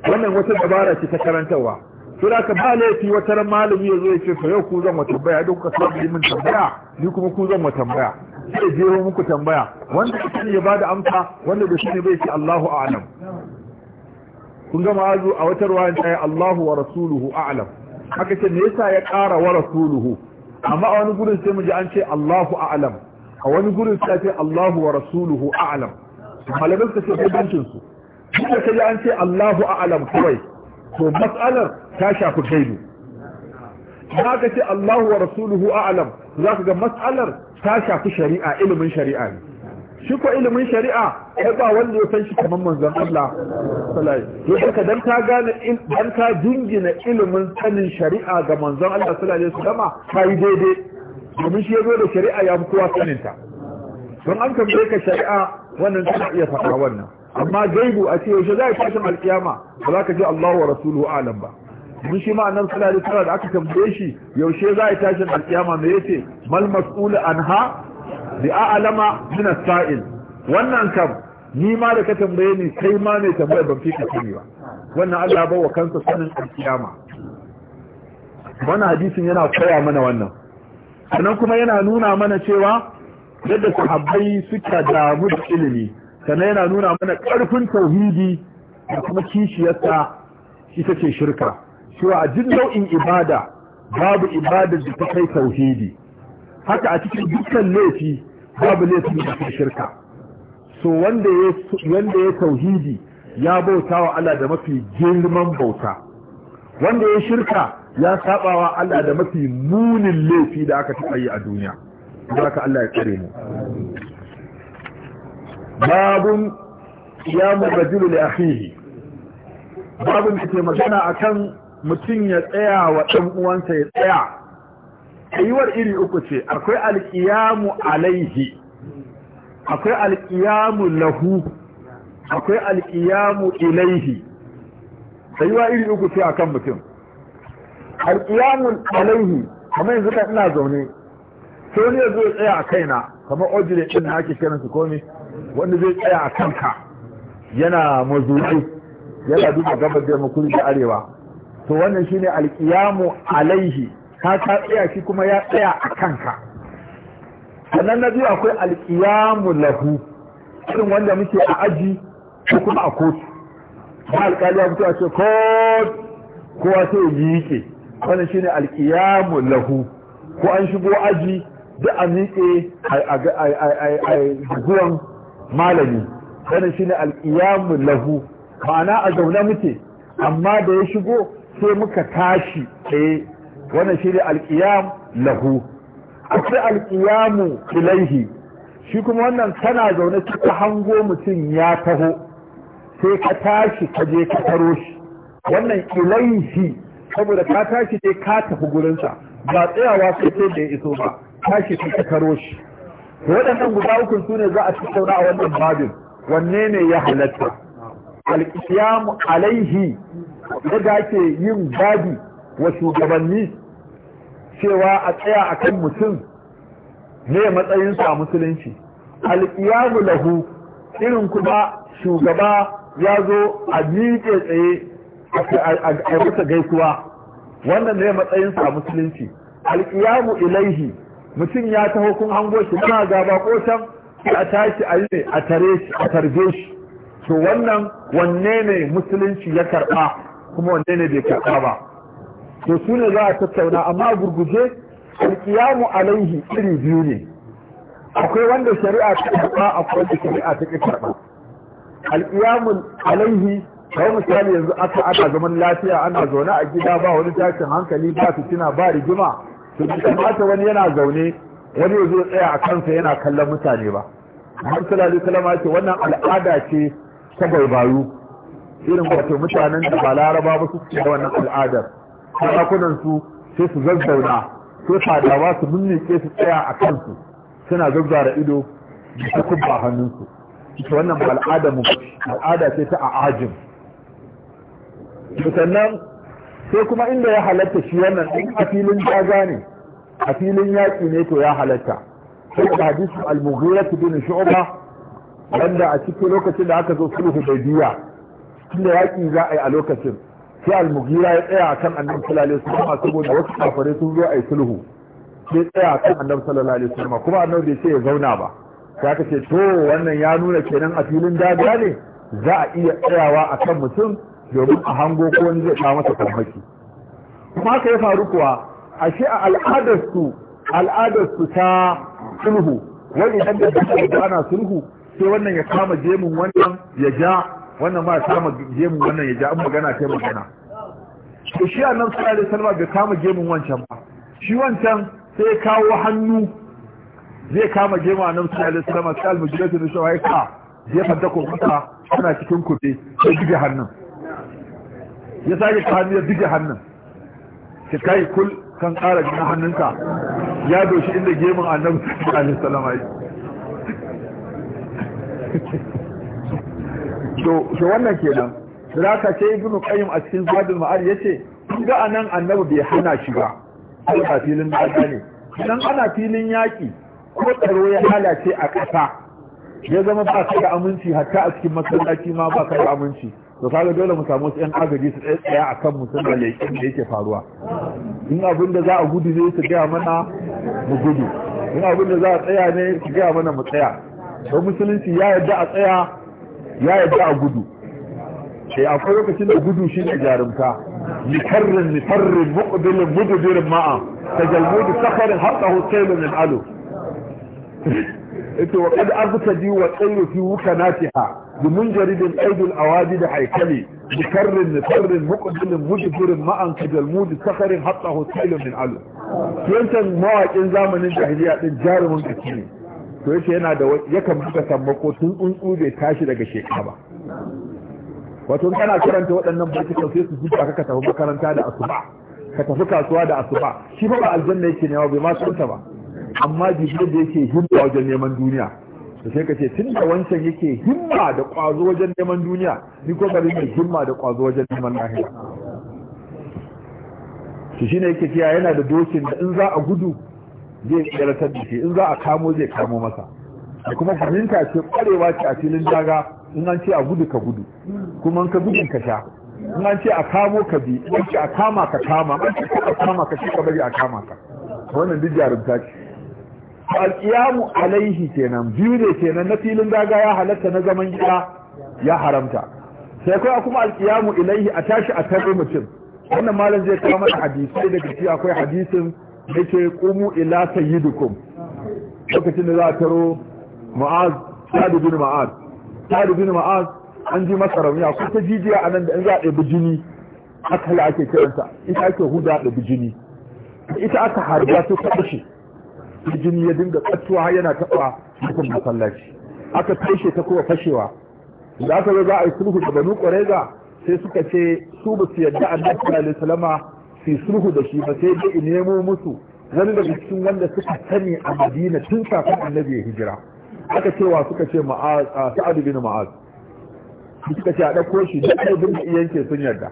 wannan wata dabara ce ta karantarwa to da ka ba laifi wata malami ya zo ya ce fa yau ku zan wa tambaya duk ka samu min tambaya ni kuma ku zan wa tambaya sai je muku tambaya wanda ka sani ya bada amsa wanda bai sani bai ce Allahu a'lam kun ga ma'azu a wata ruwayan ta Allahu wa rasuluhu a'lam haka ce me yasa ya ƙara wa rasuluhu amma a wani gurin sai mu ji an ce Allahu a'lam a wani gurin sai ce Allahu wa rasuluhu a'lam malamin ka ce bincin su kuma da an ce Allahu a'lam kawai to matsalar ta shafi gaibu za ka ce Allahu wa rasuluhu a'lam za ka ga matsalar ta shafi shari'a ilimin shari'a ne shi ko ilimin shari'a ya ba wanda ya san shi kamar manzon Allah sallallahu alaihi wasallam dan ka gane dan ka jingina ilimin sanin shari'a ga manzon Allah su gama ka yi daidai domin shi yazo da shari'a ya fi kowa sanin ta don an kamar ka shari'a wannan tana iya faɗa wannan amma gaibu a ce yaushe za a tashin alkiyama ba za ka ce Allah wa rasuluhu alam ba mun shi ma nan suna alaihi tara da aka tambaye shi yaushe za a tashin alkiyama me yace mal mas'ul anha bi a'lama min as-sa'il wannan kam ni ma da ka tambaye ni kai ma ne tambaye ban fika sani ba wannan Allah ba wa kansa sanin alkiyama wannan hadisin yana koya mana wannan sannan kuma yana nuna mana cewa yadda sahabbai suka damu da ilimi sannan yana nuna mana ƙarfin tauhidi da kuma kishiyarsa ita ce shirka cewa a duk nau'in ibada babu ibada da ta kai tauhidi haka a cikin dukkan laifi babu laifin da ta shirka so wanda ya tauhidi ya bauta wa Allah da mafi girman bauta wanda ya shirka ya saba wa Allah da mafi munin laifi da aka taɓa yi a duniya. haka Allah ya tsare mu. babun qiyamu rajulu li akhihi babun da ke magana kan mutum ya tsaya wa ɗan'uwansa ya tsaya ayyuwar iri uku ce akwai alqiyamu alaihi akwai alqiyamu lahu akwai alqiyamu ilaihi ayyuwa iri uku ce a kan mutum alqiyamu alaihi kamar yanzu kan ina zaune sai wani ya zo tsaya a kaina kamar ojile din na ake kiransu komai wanda zai tsaya a kanka yana mazuri yana duba gabar da makuri da arewa to wannan shine alkiyamu alaihi ka ka tsaya shi kuma ya tsaya a kanka sannan na biyu akwai alkiyamu lahu irin wanda muke a aji ko kuma a kotu ba alkali ya fito a ce kot kowa sai yi yike wannan shine alkiyamu lahu ko an shigo aji da a miƙe a guguwan malami shi ne alqiyamu lahu ma'ana a zaune muke amma da ya shigo sai muka tashi tsaye wannan ne alqiyam lahu akwai alqiyamu ilaihi shi kuma wannan kana zaune kika hango mutum ya taho sai ka tashi ka je ka taro shi wannan ilaihi saboda ka tashi dai ka tafi gurinsa ba tsayawa sai sai da ya iso ba tashi sai ka taro shi waɗannan guda uku su ne za a tattauna a wannan babin wanne ne ya halatta al al-qiyam alaihi da ake yin babi wa shugabanni cewa a tsaya akan mutum ne matsayin a musulunci al al-qiyam lahu irin kuma shugaba ya zo a miƙe tsaye a masa gaisuwa wannan ne matsayinsa a musulunci al al-qiyam ilaihi mutum ya taho kun hango shi muna gaba ko can a tashi a yi a tare shi a tarbe shi to wannan wanne ne musulunci ya karba kuma wanne ne bai karba ba to su ne za a tattauna amma gurguje alkiyamu alaihi iri biyu ne akwai wanda shari'a ta karba akwai wanda shari'a ta karba alkiyamu alaihi kawo misali yanzu aka ana zaman lafiya ana zaune a gida ba wani tashin hankali ba su cina ba rigima to bai kamata wani yana zaune wani ya zo tsaya a kansa yana kallon mutane ba Muhammad sallallahu alaihi ce wannan al'ada ce ta barbaru irin wato mutanen da ba laraba ba su da wannan al'adar sarakunan su sai su zazzauna sai fadawa su mummike su tsaya a kansu suna zazzara ido da ta kubba hannunsu ita wannan ba al'ada mu al'ada ce ta a'ajin sannan sai kuma inda ya halatta shi wannan din a filin daga ne a filin yaƙi ne to ya halatta sai da hadisu al-mughira bin shu'ba wanda a cikin lokacin da aka zo sulhu hudaybiya tunda yaƙi za a yi a lokacin sai al-mughira ya tsaya akan annabi sallallahu alaihi wasallam saboda wasu kafare sun zo a yi sulhu sai tsaya akan annabi sallallahu alaihi wasallam kuma annabi bai ce ya zauna ba sai aka ce to wannan ya nuna kenan a filin dabiya ne za a iya tsayawa akan mutum domin a hango ko wani zai kawo masa farmaki kuma haka ya faru kuwa ashe a al'adarsu al'adarsu ta sulhu wani ɗan da ta ana sulhu sai wannan ya kama jemun wannan ya ja wannan ma ya kama jemun wannan ya ja in magana sai magana to shi annan sallallahu da salma bai kama jemun wancan ba shi wancan sai ya kawo hannu zai kama jemun annan sallallahu alaihi salma sai almujratu da ka zai fadda kokuta ana cikin kuɗi, sai diga hannun ya sake ka hannu ya diga hannun ka kai kul kan kara jini hannunka ya doshi inda gemun annabi alaihi salama yi to to wannan kenan ka ce ibnu qayyim a cikin zadul ma'ad yace ga nan annabi bai hana shi ba a filin da ne idan ana filin yaƙi, ko tsaro ya lalace a ƙasa ya zama ba ka da aminci hatta a cikin masallaci ma ba ka da aminci to kaga dole mu samu wasu yan agaji su tsaya a kan musamman suna da yake faruwa in abin da za a gudu ne su gaya mana mu gudu in abin da za a tsaya ne su gaya mana mu tsaya don musulunci ya yadda a tsaya ya yadda a gudu sai akwai lokacin da gudu shi ne jarumta mikarrin mikarrin muqbilin mudbirin ma'a jalmudu safarin hatta hotelin min alu <laughs> ita wa kad arzika ji wa tsayru fi ha. بمنجرد الأيد الأوادد da Haikali, نفر مقبل مجبر معا كجلمود سخر حطه سائل من al yancan mawaƙin zamanin jahiliya ɗin jarumin jiki ne to yake yana da yakan buga sammako tun tsuntsu bai tashi daga shekara ba wato kana karanta waɗannan baitukan sai su zuba ka tafi makaranta da asuba ka tafi kasuwa da asuba shi fa ba aljanna yake nema bai ma sunta ba amma bibiyar da yake himma wajen neman duniya da sai ka ce tun da wancan yake himma da ƙwazo wajen neman duniya ni ko bari mai himma da ƙwazo wajen neman lahira to shine yake cewa yana da dokin da in za a gudu zai tsiratar da shi in za a kamo zai kamo masa da kuma fahimta ce kwarewa ce a filin daga in an ce a gudu ka gudu kuma ka gudun ka sha in an ce a kamo ka bi in an ce a kama ka kama in an ce a kama ka shi ka bari a kama ka wannan duk jarumta ce alƙiyamu alaihi kenan biyu ne kenan na filin daga ya halatta na zaman gida ya haramta sai kai kuma alƙiyamu ilaihi a tashi a tarbi mutum wannan malam zai kawo mana hadisi daga ciki akwai hadisin da ke kumu ila sayyidukum lokacin da za a taro ma'az sadu bin ma'az sadu bin ma'az an ji masa rauni ko ta jijiya a nan da in za a ɗebi jini aka ake kiranta ita ake huda ɗebi jini ita aka harba ta ta jini ya dinga katsuwa yana taɓa cikin masallaci aka kashe ta kuma fashewa da aka zo za a yi sulhu da banu ƙwarega sai suka ce su ba su yadda annabi sallallahu alaihi wasallama su sulhu da shi ba sai dai nemo musu wani daga cikin wanda suka sani a madina tun kafin annabi ya hijira aka cewa suka ce sa'ad bin ma'az suka ce a ɗauko shi da aibin da yanke sun yarda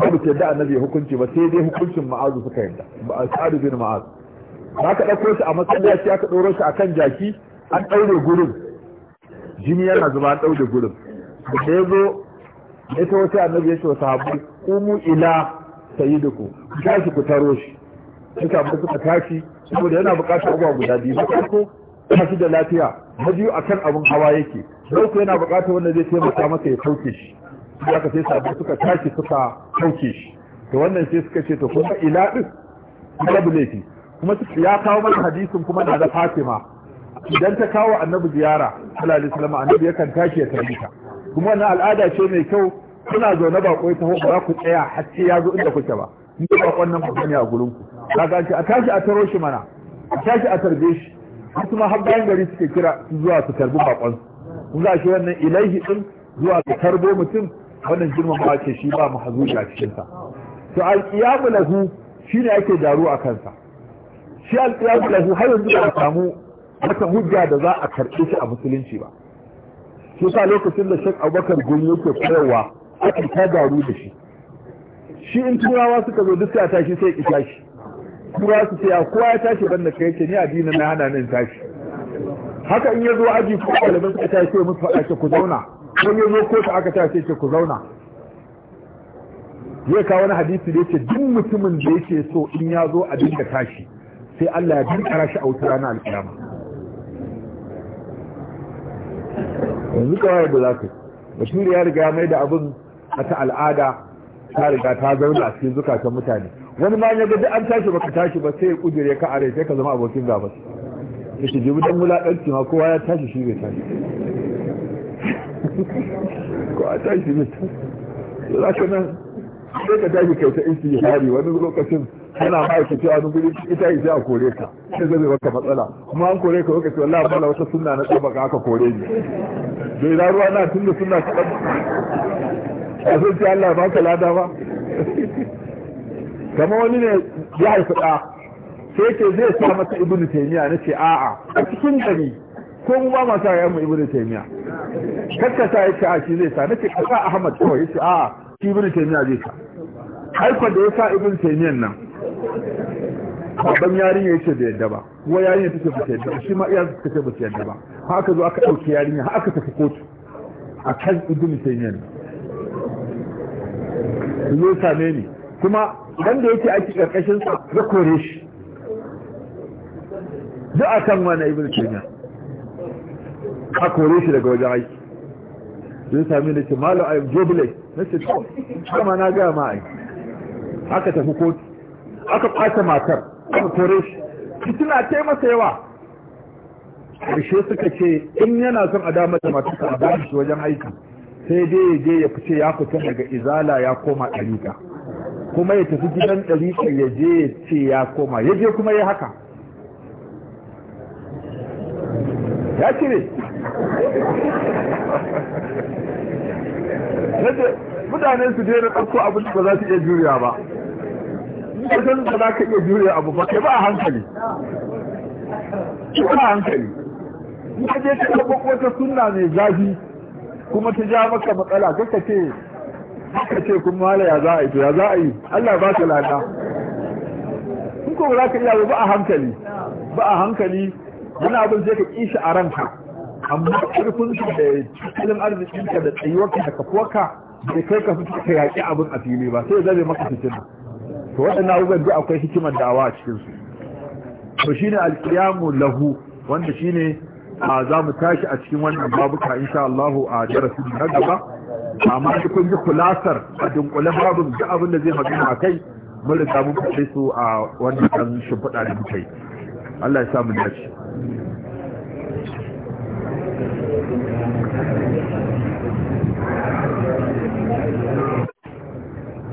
babu ce da annabi ya hukunci ba sai dai hukuncin ma'azu suka yarda ba sa'ad bin ma'az ka ɗauko shi a masallaci aka ɗoro shi kan jaki an ɗaure gurin jini yana zuba an ɗaure gurin da ya zo ya ta wata annabi ya ce wa sahabbai kumu ila sayyiduku ku tashi ku taro shi suka bi suka tashi saboda yana buƙatar uwa guda biyu ba. farko tashi da lafiya na biyu akan abin hawa yake dauka yana buƙatar wanda zai taimaka masa ya sauke shi Ya ka sai sabu suka tashi suka sauke shi to wannan sai suka ce to kuma ila din babu laifi kuma ya kawo mana hadisin kuma da Fatima idan ta kawo annabi ziyara sallallahu alaihi wasallam annabi yakan tashi ya tarbi ta kuma wannan al'ada ce mai kyau kuna zaune ba koi taho ba ku tsaya har sai ya zo inda kuke ba ni ba wannan ku ne a gurin ku kaga ce a tashi a taro shi mana a tashi a tarbe shi kuma har bayan gari suke kira zuwa su tarbi bakon kun ga shi wannan ilaihi din zuwa su tarbo mutum wannan girmamawa ce shi ba mu hazuja cikin sa to al-qiyamu lahu shine ake daru a kansa shi alƙiyamu lahu har yanzu ba a samu wata hujja da za a karɓe shi a musulunci ba shi sa lokacin da shek abubakar gumi yake koyarwa aka ta daru da shi shi in turawa suka zo duk ya tashi sai ki tashi turawa su ce kowa ya tashi ban da kai ce ni addinin na hana nan tashi haka in ya zo aji ko malamin suka tashi sai musu faɗa ce ku zauna ko ya zo ta aka tashi ce ku zauna zai kawo wani hadisi da yake duk mutumin da yake so in ya zo a dinga tashi sai Allah ya dinkara shi a wuta ranar alkiyama yanzu kawai da za ka bashir ya riga mai da abin a ta al'ada ta riga ta zauna a cikin zukatan mutane wani ma ya gaji an tashi baka tashi ba sai ya kudure ka are sai ka zama abokin gabas da shi jibi dan mulaƙanci ma kowa ya tashi shi bai tashi <laughs> kowa tashi bai tashi za ka nan sai ka tashi kyauta in su yi hari wani lokacin kana ba a cewa wani guri ita yi a kore ka sai zai maka matsala kuma an kore ka lokaci wallahi bala wata sunna na ka aka kore ni bai da ruwa na tunda sunna ta a sun ce Allah ba ka lada ba kama wani ne ya haifi fada sai ke zai sa masa ibnu taymiya na ce a'a a cikin gari ko mu ba masu yayan mu ibnu taymiya kakkata yake a shi zai sa nace kasa ahmad kawai yace a'a shi ibnu taymiya zai sa aikon da ya sa ibnu taymiyan nan babban yarinya yace da yadda ba kuma yarinya take ba ta yadda shi ma iya suka ce ba ta yadda ba haka zo aka dauke yarinya har aka tafi kotu a kan ibn taymiyyah Yo same ni kuma dan da yake aiki karkashin sa ya kore shi a akan wani ibn taymiyyah a kore shi daga wajen aiki Yo sami da ce malam ayyub jobile na ce to kuma na gaya ma aiki haka tafi kotu aka kwace matar aka kore shi fitina ta taimaka masa yawa ƙarshe suka ce in yana son a damar da ka a damar shi wajen aiki sai dai ya je ya fice ya fita daga izala ya koma ɗariƙa kuma ya tafi gidan ɗariƙa ya je ya ce ya koma ya je kuma ya haka ya cire mutane su daina ɗauko abin da ba za su iya juriya ba ƙarfin da za ka iya jure abu ba ba a hankali ba a hankali ka je ka ɗaukwa wata sunna mai zafi kuma ta ja maka matsala ka ce kaka ce kun mala ya za a yi to ya za a yi Allah ba ta lada in ko za ka iya ba a hankali ba a hankali wani abin sai ka kishi a ranka amma ƙarfin ka da cikin arzikin ka da tsayuwarka da kafuwarka bai kai ka fito ka yaƙi abin a fili ba sai ya zabe maka fitina to waɗanda abubuwan duk akwai hikimar dawa a cikinsu. to to shine alqiyamu lahu wanda shine a za mu tashi a cikin wannan babuka insha Allah a darasin na gaba amma duk kun ji kulasar a dunkule babun duk abin da zai magana a kai mun riga mun su a wannan kan shimfiɗa da muke Allah ya sa mu dace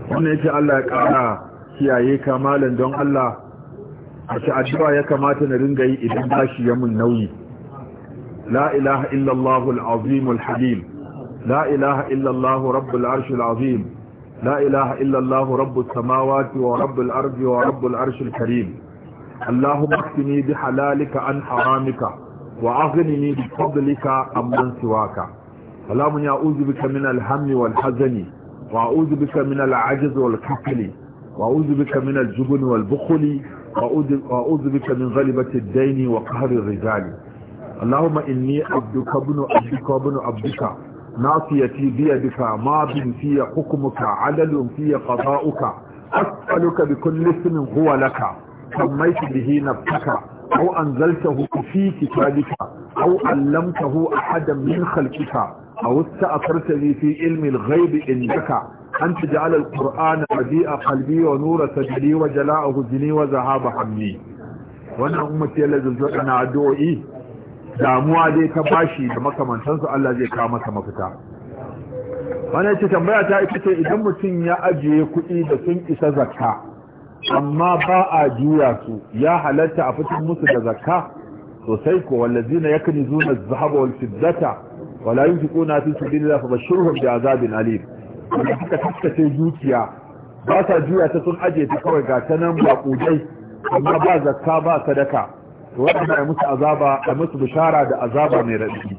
wannan yake Allah ya ƙara kiyaye ka don Allah a ci addu'a ya kamata na ringa yi idan bashi ya mun nauyi la ilaha illallah al-azim al-halim la ilaha illallah rabbul arsh al-azim la ilaha illallah rabbus samawati wa rabbul ardi wa rabbul arsh al-karim اللهم اكفني بحلالك عن حرامك واغنني بفضلك عمن سواك اللهم اعوذ بك من الهم والحزن min بك من wal والكسل وأعوذ بك من الجبن والبخل وأعوذ بك من غلبة الدين وقهر الرجال اللهم إني عبدك ابن عبدك ابن عبدك ناصيتي بيدك ماض في حكمك علل في قضاؤك أسألك بكل اسم هو لك سميت به نفسك أو أنزلته في كتابك أو علمته أحدا من خلقك أو استأثرت لي في علم الغيب عندك أن تجعل القرآن ربيع قلبي ونور سجلي وجلاء هزني وذهاب حمي وانا أمتي الذي زرعنا do'i damuwa dai ta bashi da makamantansu Allah zai kawo masa mafita wannan ce tambaya ta ita ce idan mutum ya ajiye kuɗi da sun isa zakka amma ba a juya su ya halatta a fitar musu da zakka sosai ko wallazina yakunizuna az-zahaba wal fiddata wala yunfiquna fi sabilillahi fabashshirhum bi'azabin alim wanda suka tattace dukiya ba sa juya ta sun aje ta kawai ga ta nan ba ƙudai, amma ba zakka ba sadaka to wanda ya musu azaba a musu bishara da azaba mai raɗi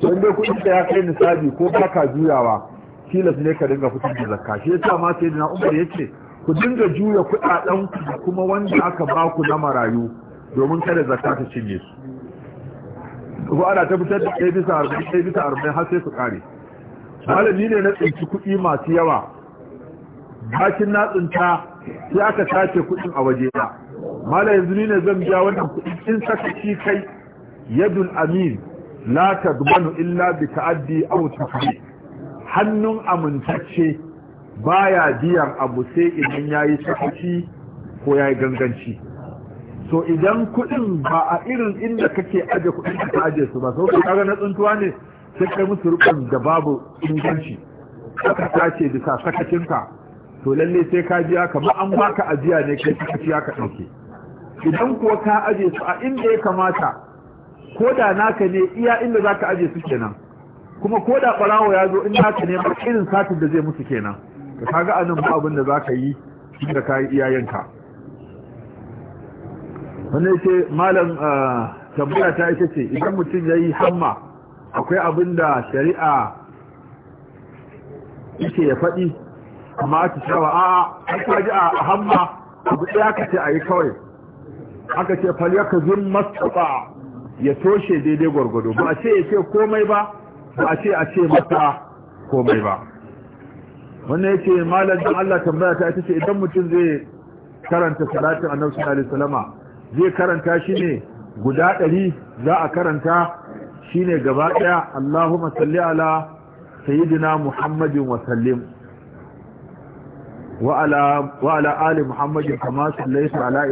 don dai kuɗin da ya kai nisabi ko ba ka juyawa tilas ne ka dinga fitar da zakka shi yasa ma sai na umar yace ku dinga juya kuɗaɗen ku da kuma wanda aka ba ku na marayu domin kada zakka ta cinye su ko ana ta fitar da ɗaya bisa arba'in ɗaya bisa arba'in har sai su ƙare malami ne na tsinci kuɗi masu yawa bakin na tsinta sai aka tace kuɗin a waje na malam yanzu ne zan biya wannan kuɗi in saka shi kai yadul amin la tadmanu illa bi ta'addi aw tahdi hannun amintacce baya biyan abu sai idan yayi sakaci ko yayi ganganci so idan kuɗin ba a irin inda kake aje kuɗin ka aje su ba so ka ga na tsuntuwa ne sai kai musu rukun da babu inganci aka tace bisa sakacinka to lalle sai ka biya kamar an baka ajiya ne kai sakaciya ka ɗauke idan kuwa ka aje su a inda ya kamata ko da naka ne iya inda zaka aje su kenan kuma ko da ɓarawo ya zo in naka ne irin satin da zai musu kenan da ka ga anan ba abin da zaka yi da ka iyayenka wannan ce malam ah, tambaya ta ita ce idan mutum yayi hamma akwai abin da shari'a yake ya faɗi amma ta shawa a a ji a hamma abu ɗaya ka ce a yi kawai aka ce fal ya zun mastafa ya toshe daidai gwargwado ba a ce ya ce komai ba ba a ce a ce mata komai ba wannan yake malam dan Allah tambaya ta ita ce idan mutum zai karanta salatin a sallallahu Salama, zai karanta shi ne guda ɗari za a karanta shine gaba daya Allahumma salli ala sayyidina Muhammadin wa sallim wa ala wa ala ali Muhammadin kama sallaita ala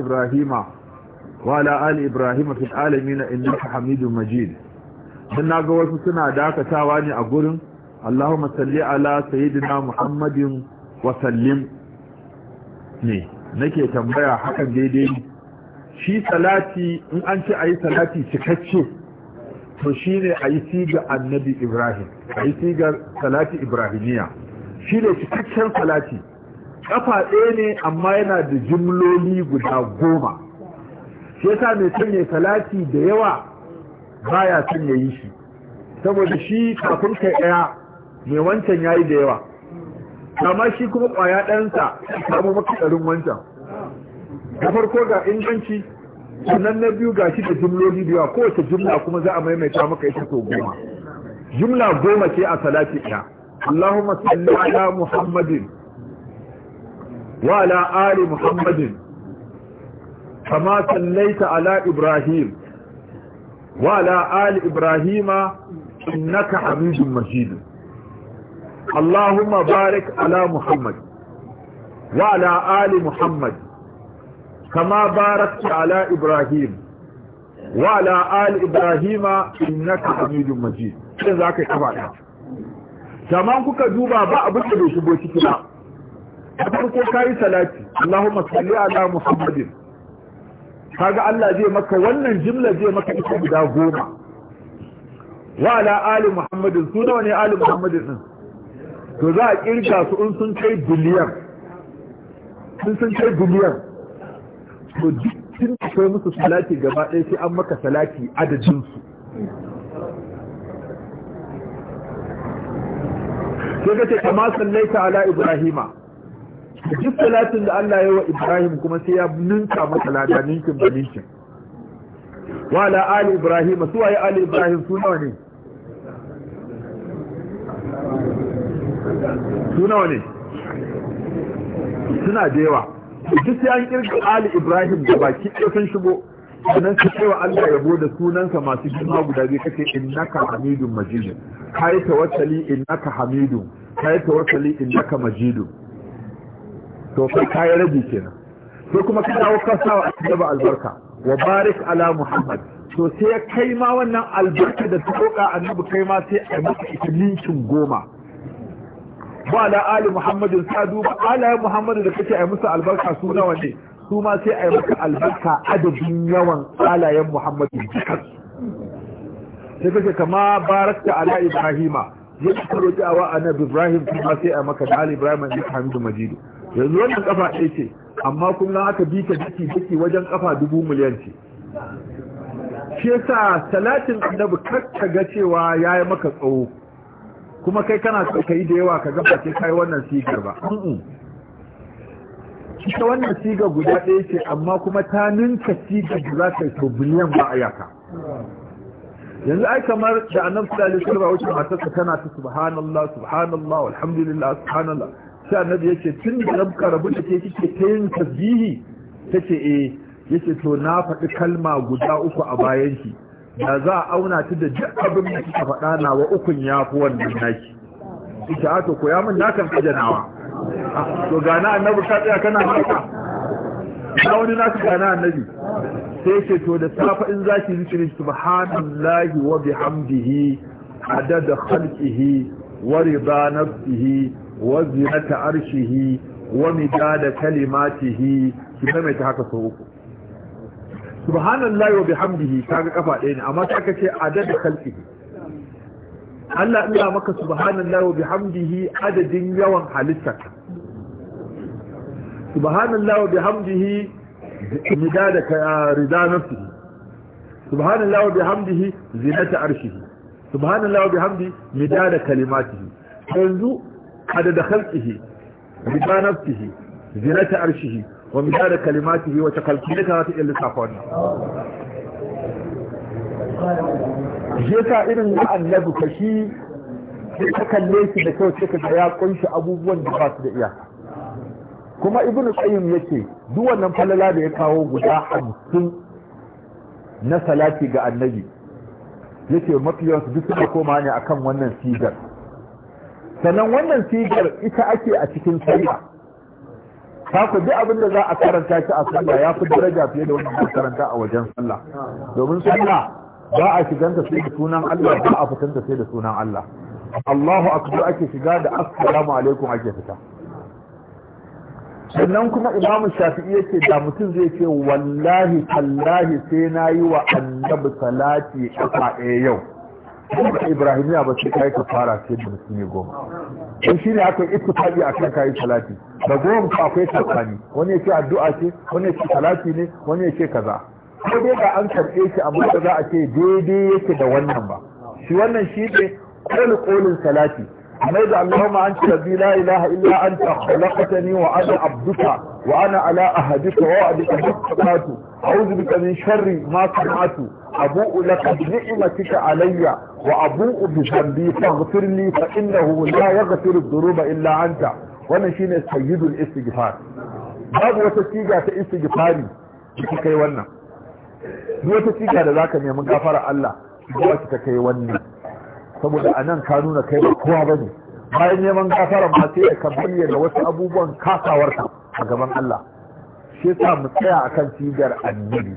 wa ala ali fil alamin innaka Hamidum Majid dan naga wasu suna dakatawa ne a gurin Allahumma salli ala sayyidina Muhammadin wa sallim ne nake tambaya hakan daidai shi salati in an ce ayi salati cikakke to shi ne a yi siga annabi ibrahim a yi sigar salati ibrahimiya shi ne cikakken salati ƙafa ɗaya ne amma yana da jimloli guda goma shi yasa mai sanya salati da yawa baya son ya yi shi saboda shi kafin kai ɗaya mai wancan ya yi da yawa amma shi kuma ƙwaya ɗansa samu makasarin wancan da farko ga inganci sannan na biyu gashi da jimloli da yawa kowace jumla kuma za a maimaita maka ita sau goma jumla goma ce a salati ɗaya Allahumma salli ala Muhammadin wa ala ali Muhammadin kama sallaita ala Ibrahim wa ala ali Ibrahima innaka Hamidum Majid Allahumma barik ala Muhammad wa ala ali Muhammad kama barakta ala ibrahim wa ala ali ibrahima innaka hamidum majid sai zaka kafa ta kaman kuka duba ba abin da bai shigo ciki ba farko yi salati allahumma salli ala muhammadin ga Allah zai maka wannan jimla zai maka ita guda goma wa ala ali muhammadin su nawa ne ali muhammadin din to za a kirga su in sun kai biliyan sun sun kai biliyan to tun akwai musu salati gaba ɗaya sai an maka salati adadinsu sai ka ce kama sallaita ala ibrahima duk salatin da Allah ya wa ibrahim kuma sai ya ninka masa lada ninkin ba ninkin wa ala ali ibrahima su waye ali ibrahim su nawa ne su nawa ne suna da yawa duk sai an kirga ali ibrahim da baki ɗaya sun shigo sannan su cewa Allah yabo da sunansa masu girma guda biyu kace innaka hamidun majid kai tawassali innaka hamidun kai tawassali innaka Majidu. to kai kai rabi kenan sai kuma ka dawo ka sawa annaba albarka wa barik ala muhammad to sai kai ma wannan albarka da ta koka annabi kai ma sai a maka ita linkin goma ba ala ali muhammadin sa duba ala muhammadu da kake ai musu albarka su nawa ne su ma sai ai maka albarka adadin yawan alayen muhammadu dukkan sai kake kama barakta ala ibrahima ya ka roki a annabi ibrahim su ma sai ai maka da ali ibrahim ne hamidu majidu yanzu wannan kafa ɗaya ce amma kun ga aka bi ta daki daki wajen kafa dubu miliyan ce shi yasa salatin annabi kakka ga cewa yayi maka tsawo kuma kai kana so yi da yawa ka gaba ce kai wannan sigar ba ita wannan siga guda ɗaya ce amma kuma ta ninka siga da za ta yi biliyan ba yaka yanzu ai kamar da annabi sallallahu alaihi wuce matarsa tana ta subhanallah subhanallah alhamdulillah, subhanallah sai annabi yace tun da rabka karabu da ke kike ta yin tasbihi ce, eh ce to na faɗi kalma guda uku a bayan shi da za a auna ta da duk abin da kika faɗa nawa ukun ya fi wannan naki ita ato ko ya na nakan kaje janawa to gana annabi ka tsaya kana haka Ina wani ka gana annabi sai ce to da safa in zaki zikiri subhanallahi wa bihamdihi adada khalqihi wa rida nafsihi wa zinata arshihi wa midada kalimatihi ki mai ta haka sau uku subhanallahi wa bihamdihi kaga kafa ɗaya ne amma sai aka ce adad khalqihi Allah ina maka subhanallahi wa bihamdihi adadin yawan halittarka subhanallahi wa bihamdihi midada ka rida nafsihi subhanallahi wa bihamdihi zinata arshihi subhanallahi wa bihamdi midada kalimatihi yanzu adada khalqihi rida nafsihi zinata arshihi wa midada kalimatihi wa takalkilika ta illa safani yasa irin annabi kashi sai ka kalle shi da kyau sai ka ya kunshi abubuwan da ba su da iya kuma ibnu qayyim yace duk wannan falala da ya kawo guda 50 na salati ga annabi yace mafi yawansu duk suna koma ne akan wannan sigar sannan wannan sigar ita ake a cikin sallah Kaku duk abin da za a karanta shi a sallah ya fi daraja fiye da wannan aka karanta a wajen sallah. Domin sallah ba a shiganta sai da sunan Allah ba a fitanta sai da sunan Allah. Allahu akbar ake shiga da assalamu alaikum ake fita. Sannan kuma Imam Shafi'i yake da mutum zai ce wallahi tallahi sai na yi wa annabi salati a ɗaya yau. kuma Ibrahim ba bace kai ka fara sai da musulmi goma in shi ne aka yi tabi a kan kayi salati da goma ka akwai tsakani wani ya addu'a ce wani ya salati ne wani ya kaza ko dai ba an karɓe shi amma da za a ce daidai yake da wannan ba shi wannan shi ne kolin kolin salati حميد اللهم أنت الذي لا إله إلا أنت خلقتني وأنا عبدك وأنا على أهدك ووعدك مستقات أعوذ بك من شر ما صنعت أبوء لك بنعمتك علي وأبوء بذنبي فاغفر لي فإنه لا يغفر الذنوب إلا أنت وانا shine sayyidul الاستغفار باب وتسيجا siga ta istighfari da kai wannan duk wata siga da zaka nemi gafara Allah ba ta kai wannan saboda a nan ka nuna kai ba kowa ba ne bayan neman gafara ma sai ka bayyana wasu abubuwan kasawarka a gaban Allah shi sa mu tsaya akan cibiyar annabi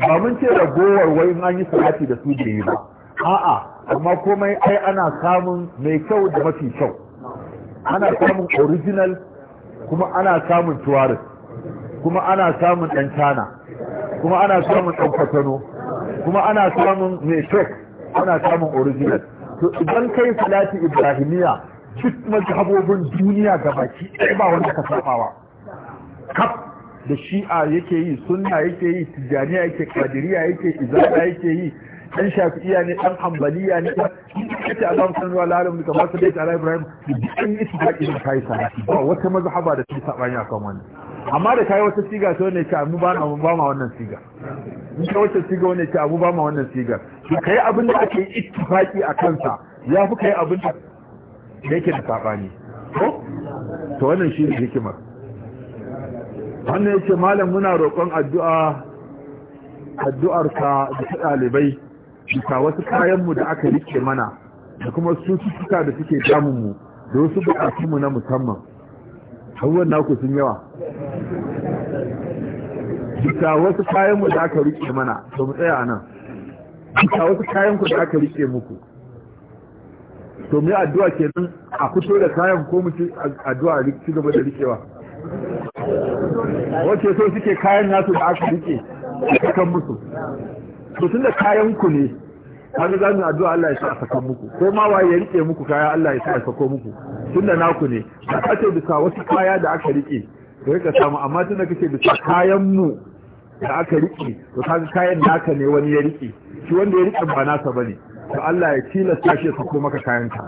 ba mun ce da gowar wai an yi salati da su da yi ba a'a amma komai ai ana samun mai kyau da mafi kyau ana samun original kuma ana samun tuwarin kuma ana samun ɗan cana kuma ana samun ɗan kwatano kuma ana samun mai kyau ana samun original to idan kai salati ibrahimiya duk mazhabobin duniya ga baki ɗaya ba wanda ka wa kaf da shi'a yake yi sunna yake yi tijaniya yake kadiriya yake yake yi dan shafi'iya ne dan hanbaliya ne kace Allah san lalum da kamar su dai tare Ibrahim an yi da kai sa ba wata mazhaba da ta saba ni akan wannan amma da kai wata siga to ne ka mu ba mu ba ma wannan siga in ka wata siga wani ka mu ba ma wannan siga to kai abin da ake ittifaki a kansa ya fi kai abin da yake da sabani ko to wannan shi ne hikimar wannan yake malam muna roƙon addu'a addu'arka da ɗalibai bisa wasu kayanmu da aka rike mana da kuma cututtuka da suke damunmu da wasu bukatunmu na musamman abubuwan naku sun yawa bisa wasu kayanmu da aka rike mana to mu tsaya nan bisa wasu kayanku da aka rike muku to mu yi addu'a nan a fito da kayan ko mu ci addu'a ci gaba da rikewa wace so suke kayan nasu da aka rike a kan musu to tunda kayan ku ne kaga zamu addu'a Allah ya sa a saka muku ko ma waye ya rike muku kaya Allah ya sa a muku tunda ku ne ka kace bisa wasu kaya da aka rike to ka samu amma tunda kace bisa kayan mu da aka rike to kaga kayan da naka ne wani ya rike shi wanda ya rike ba nasa bane to Allah ya tilasta shi ya sako maka kayanka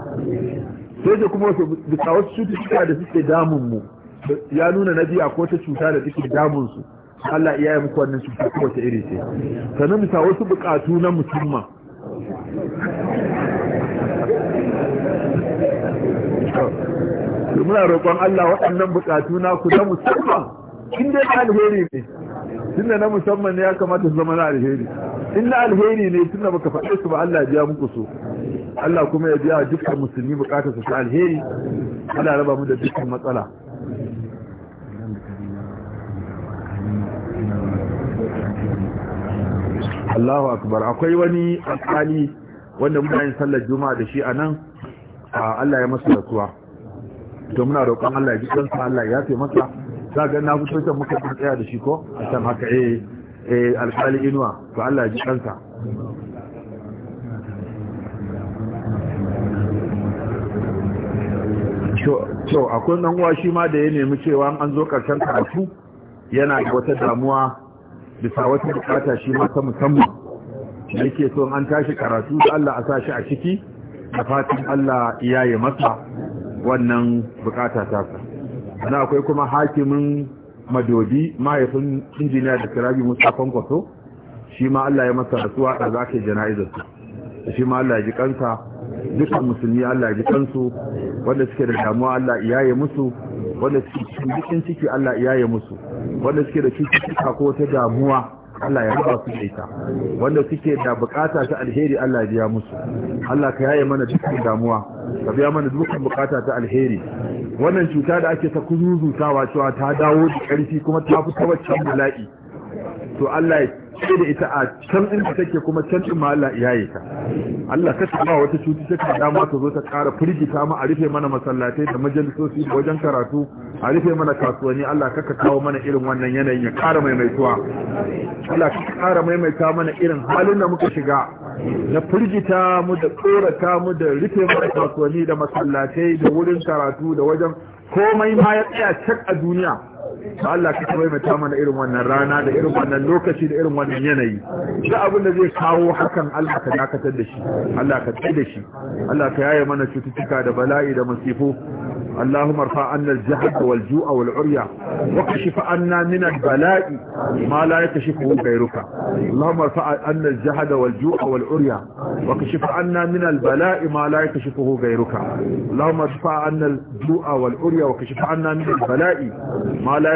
sai da kuma wasu bisa wasu cututtuka da suke damun mu ya nuna na biya ko ta cuta da take damun su Allah iya yi muku wannan cuta kowace iri ce sannan musa wasu bukatu na musamman muna roƙon Allah waɗannan bukatu na ku na musamman in dai alheri ne tun da na musamman ne ya kamata su zama na alheri in na alheri ne tun da baka faɗe su ba Allah ya biya muku so Allah kuma ya biya dukkan musulmi bukatarsa su alheri Allah raba mu da dukkan matsala Allahu akbar akwai wani alƙali wanda muna yin sallar juma'a da shi a nan Allah ya masa rasuwa to muna roƙon Allah ya ji sa Allah ya yafe masa za ga na fito can muka tsaya da shi ko a san haka eh eh alƙali inuwa to Allah ya ji sa to akwai nan uwa shi ma da ya nemi cewa an zo karshen karatu yana da wata damuwa bisa wata bukata shi mata ta musamman yake so an tashi karatu da Allah a sashi a ciki da fatin Allah iyaye masa wannan bukata ta sa ana akwai kuma hakimin madodi mahaifin injiniya da kirabi musa Kwaso shi ma Allah ya masa rasuwa da za ka jana'izar su shi ma Allah ya ji kansa dukkan musulmi Allah ya ji kansu wanda suke da damuwa Allah iyaye musu wanda suke cikin ciki Allah ya yi musu wanda suke da ciki ko ta damuwa Allah ya raba su da ita wanda suke da bukata ta alheri Allah ya biya musu Allah ka yaye mana dukkan damuwa ka biya mana dukkan bukata ta alheri wannan cuta da ake ta kuzuzutawa cewa ta dawo da karfi kuma ta fi ta bala'i to Allah ya sai da ita a can inda take kuma can din ma Allah yi ta Allah ka tsaba wata cuti ta ka dama ta zo ta ƙara firgita mu a rufe mana masallatai da majalisoci da wajen karatu a rufe mana kasuwanni Allah ka kawo mana irin wannan yanayin ya ƙara maimaituwa Allah ka ƙara maimaita mana irin halin da muka shiga na firgita mu da tsorata mu da rufe mana kasuwanni da masallatai da wurin karatu da wajen komai ma ya tsaya cak a duniya Allah ka tsaye mai mana irin wannan rana da irin wannan lokaci da irin wannan yanayi duk abin da zai kawo hakan Allah ka dakatar da shi Allah ka tsaye da shi Allah ka yaye mana cututtuka da bala'i da masifu اللهم ارفع عنا الجهد والجوع والعريا واكشف عنا من البلاء ما لا يكشفه غيرك اللهم ارفع عنا الجهد والجوع والعريا واكشف عنا من البلاء ما لا يكشفه غيرك اللهم ارفع عنا الجوع والعريا واكشف عنا من البلاء ما لا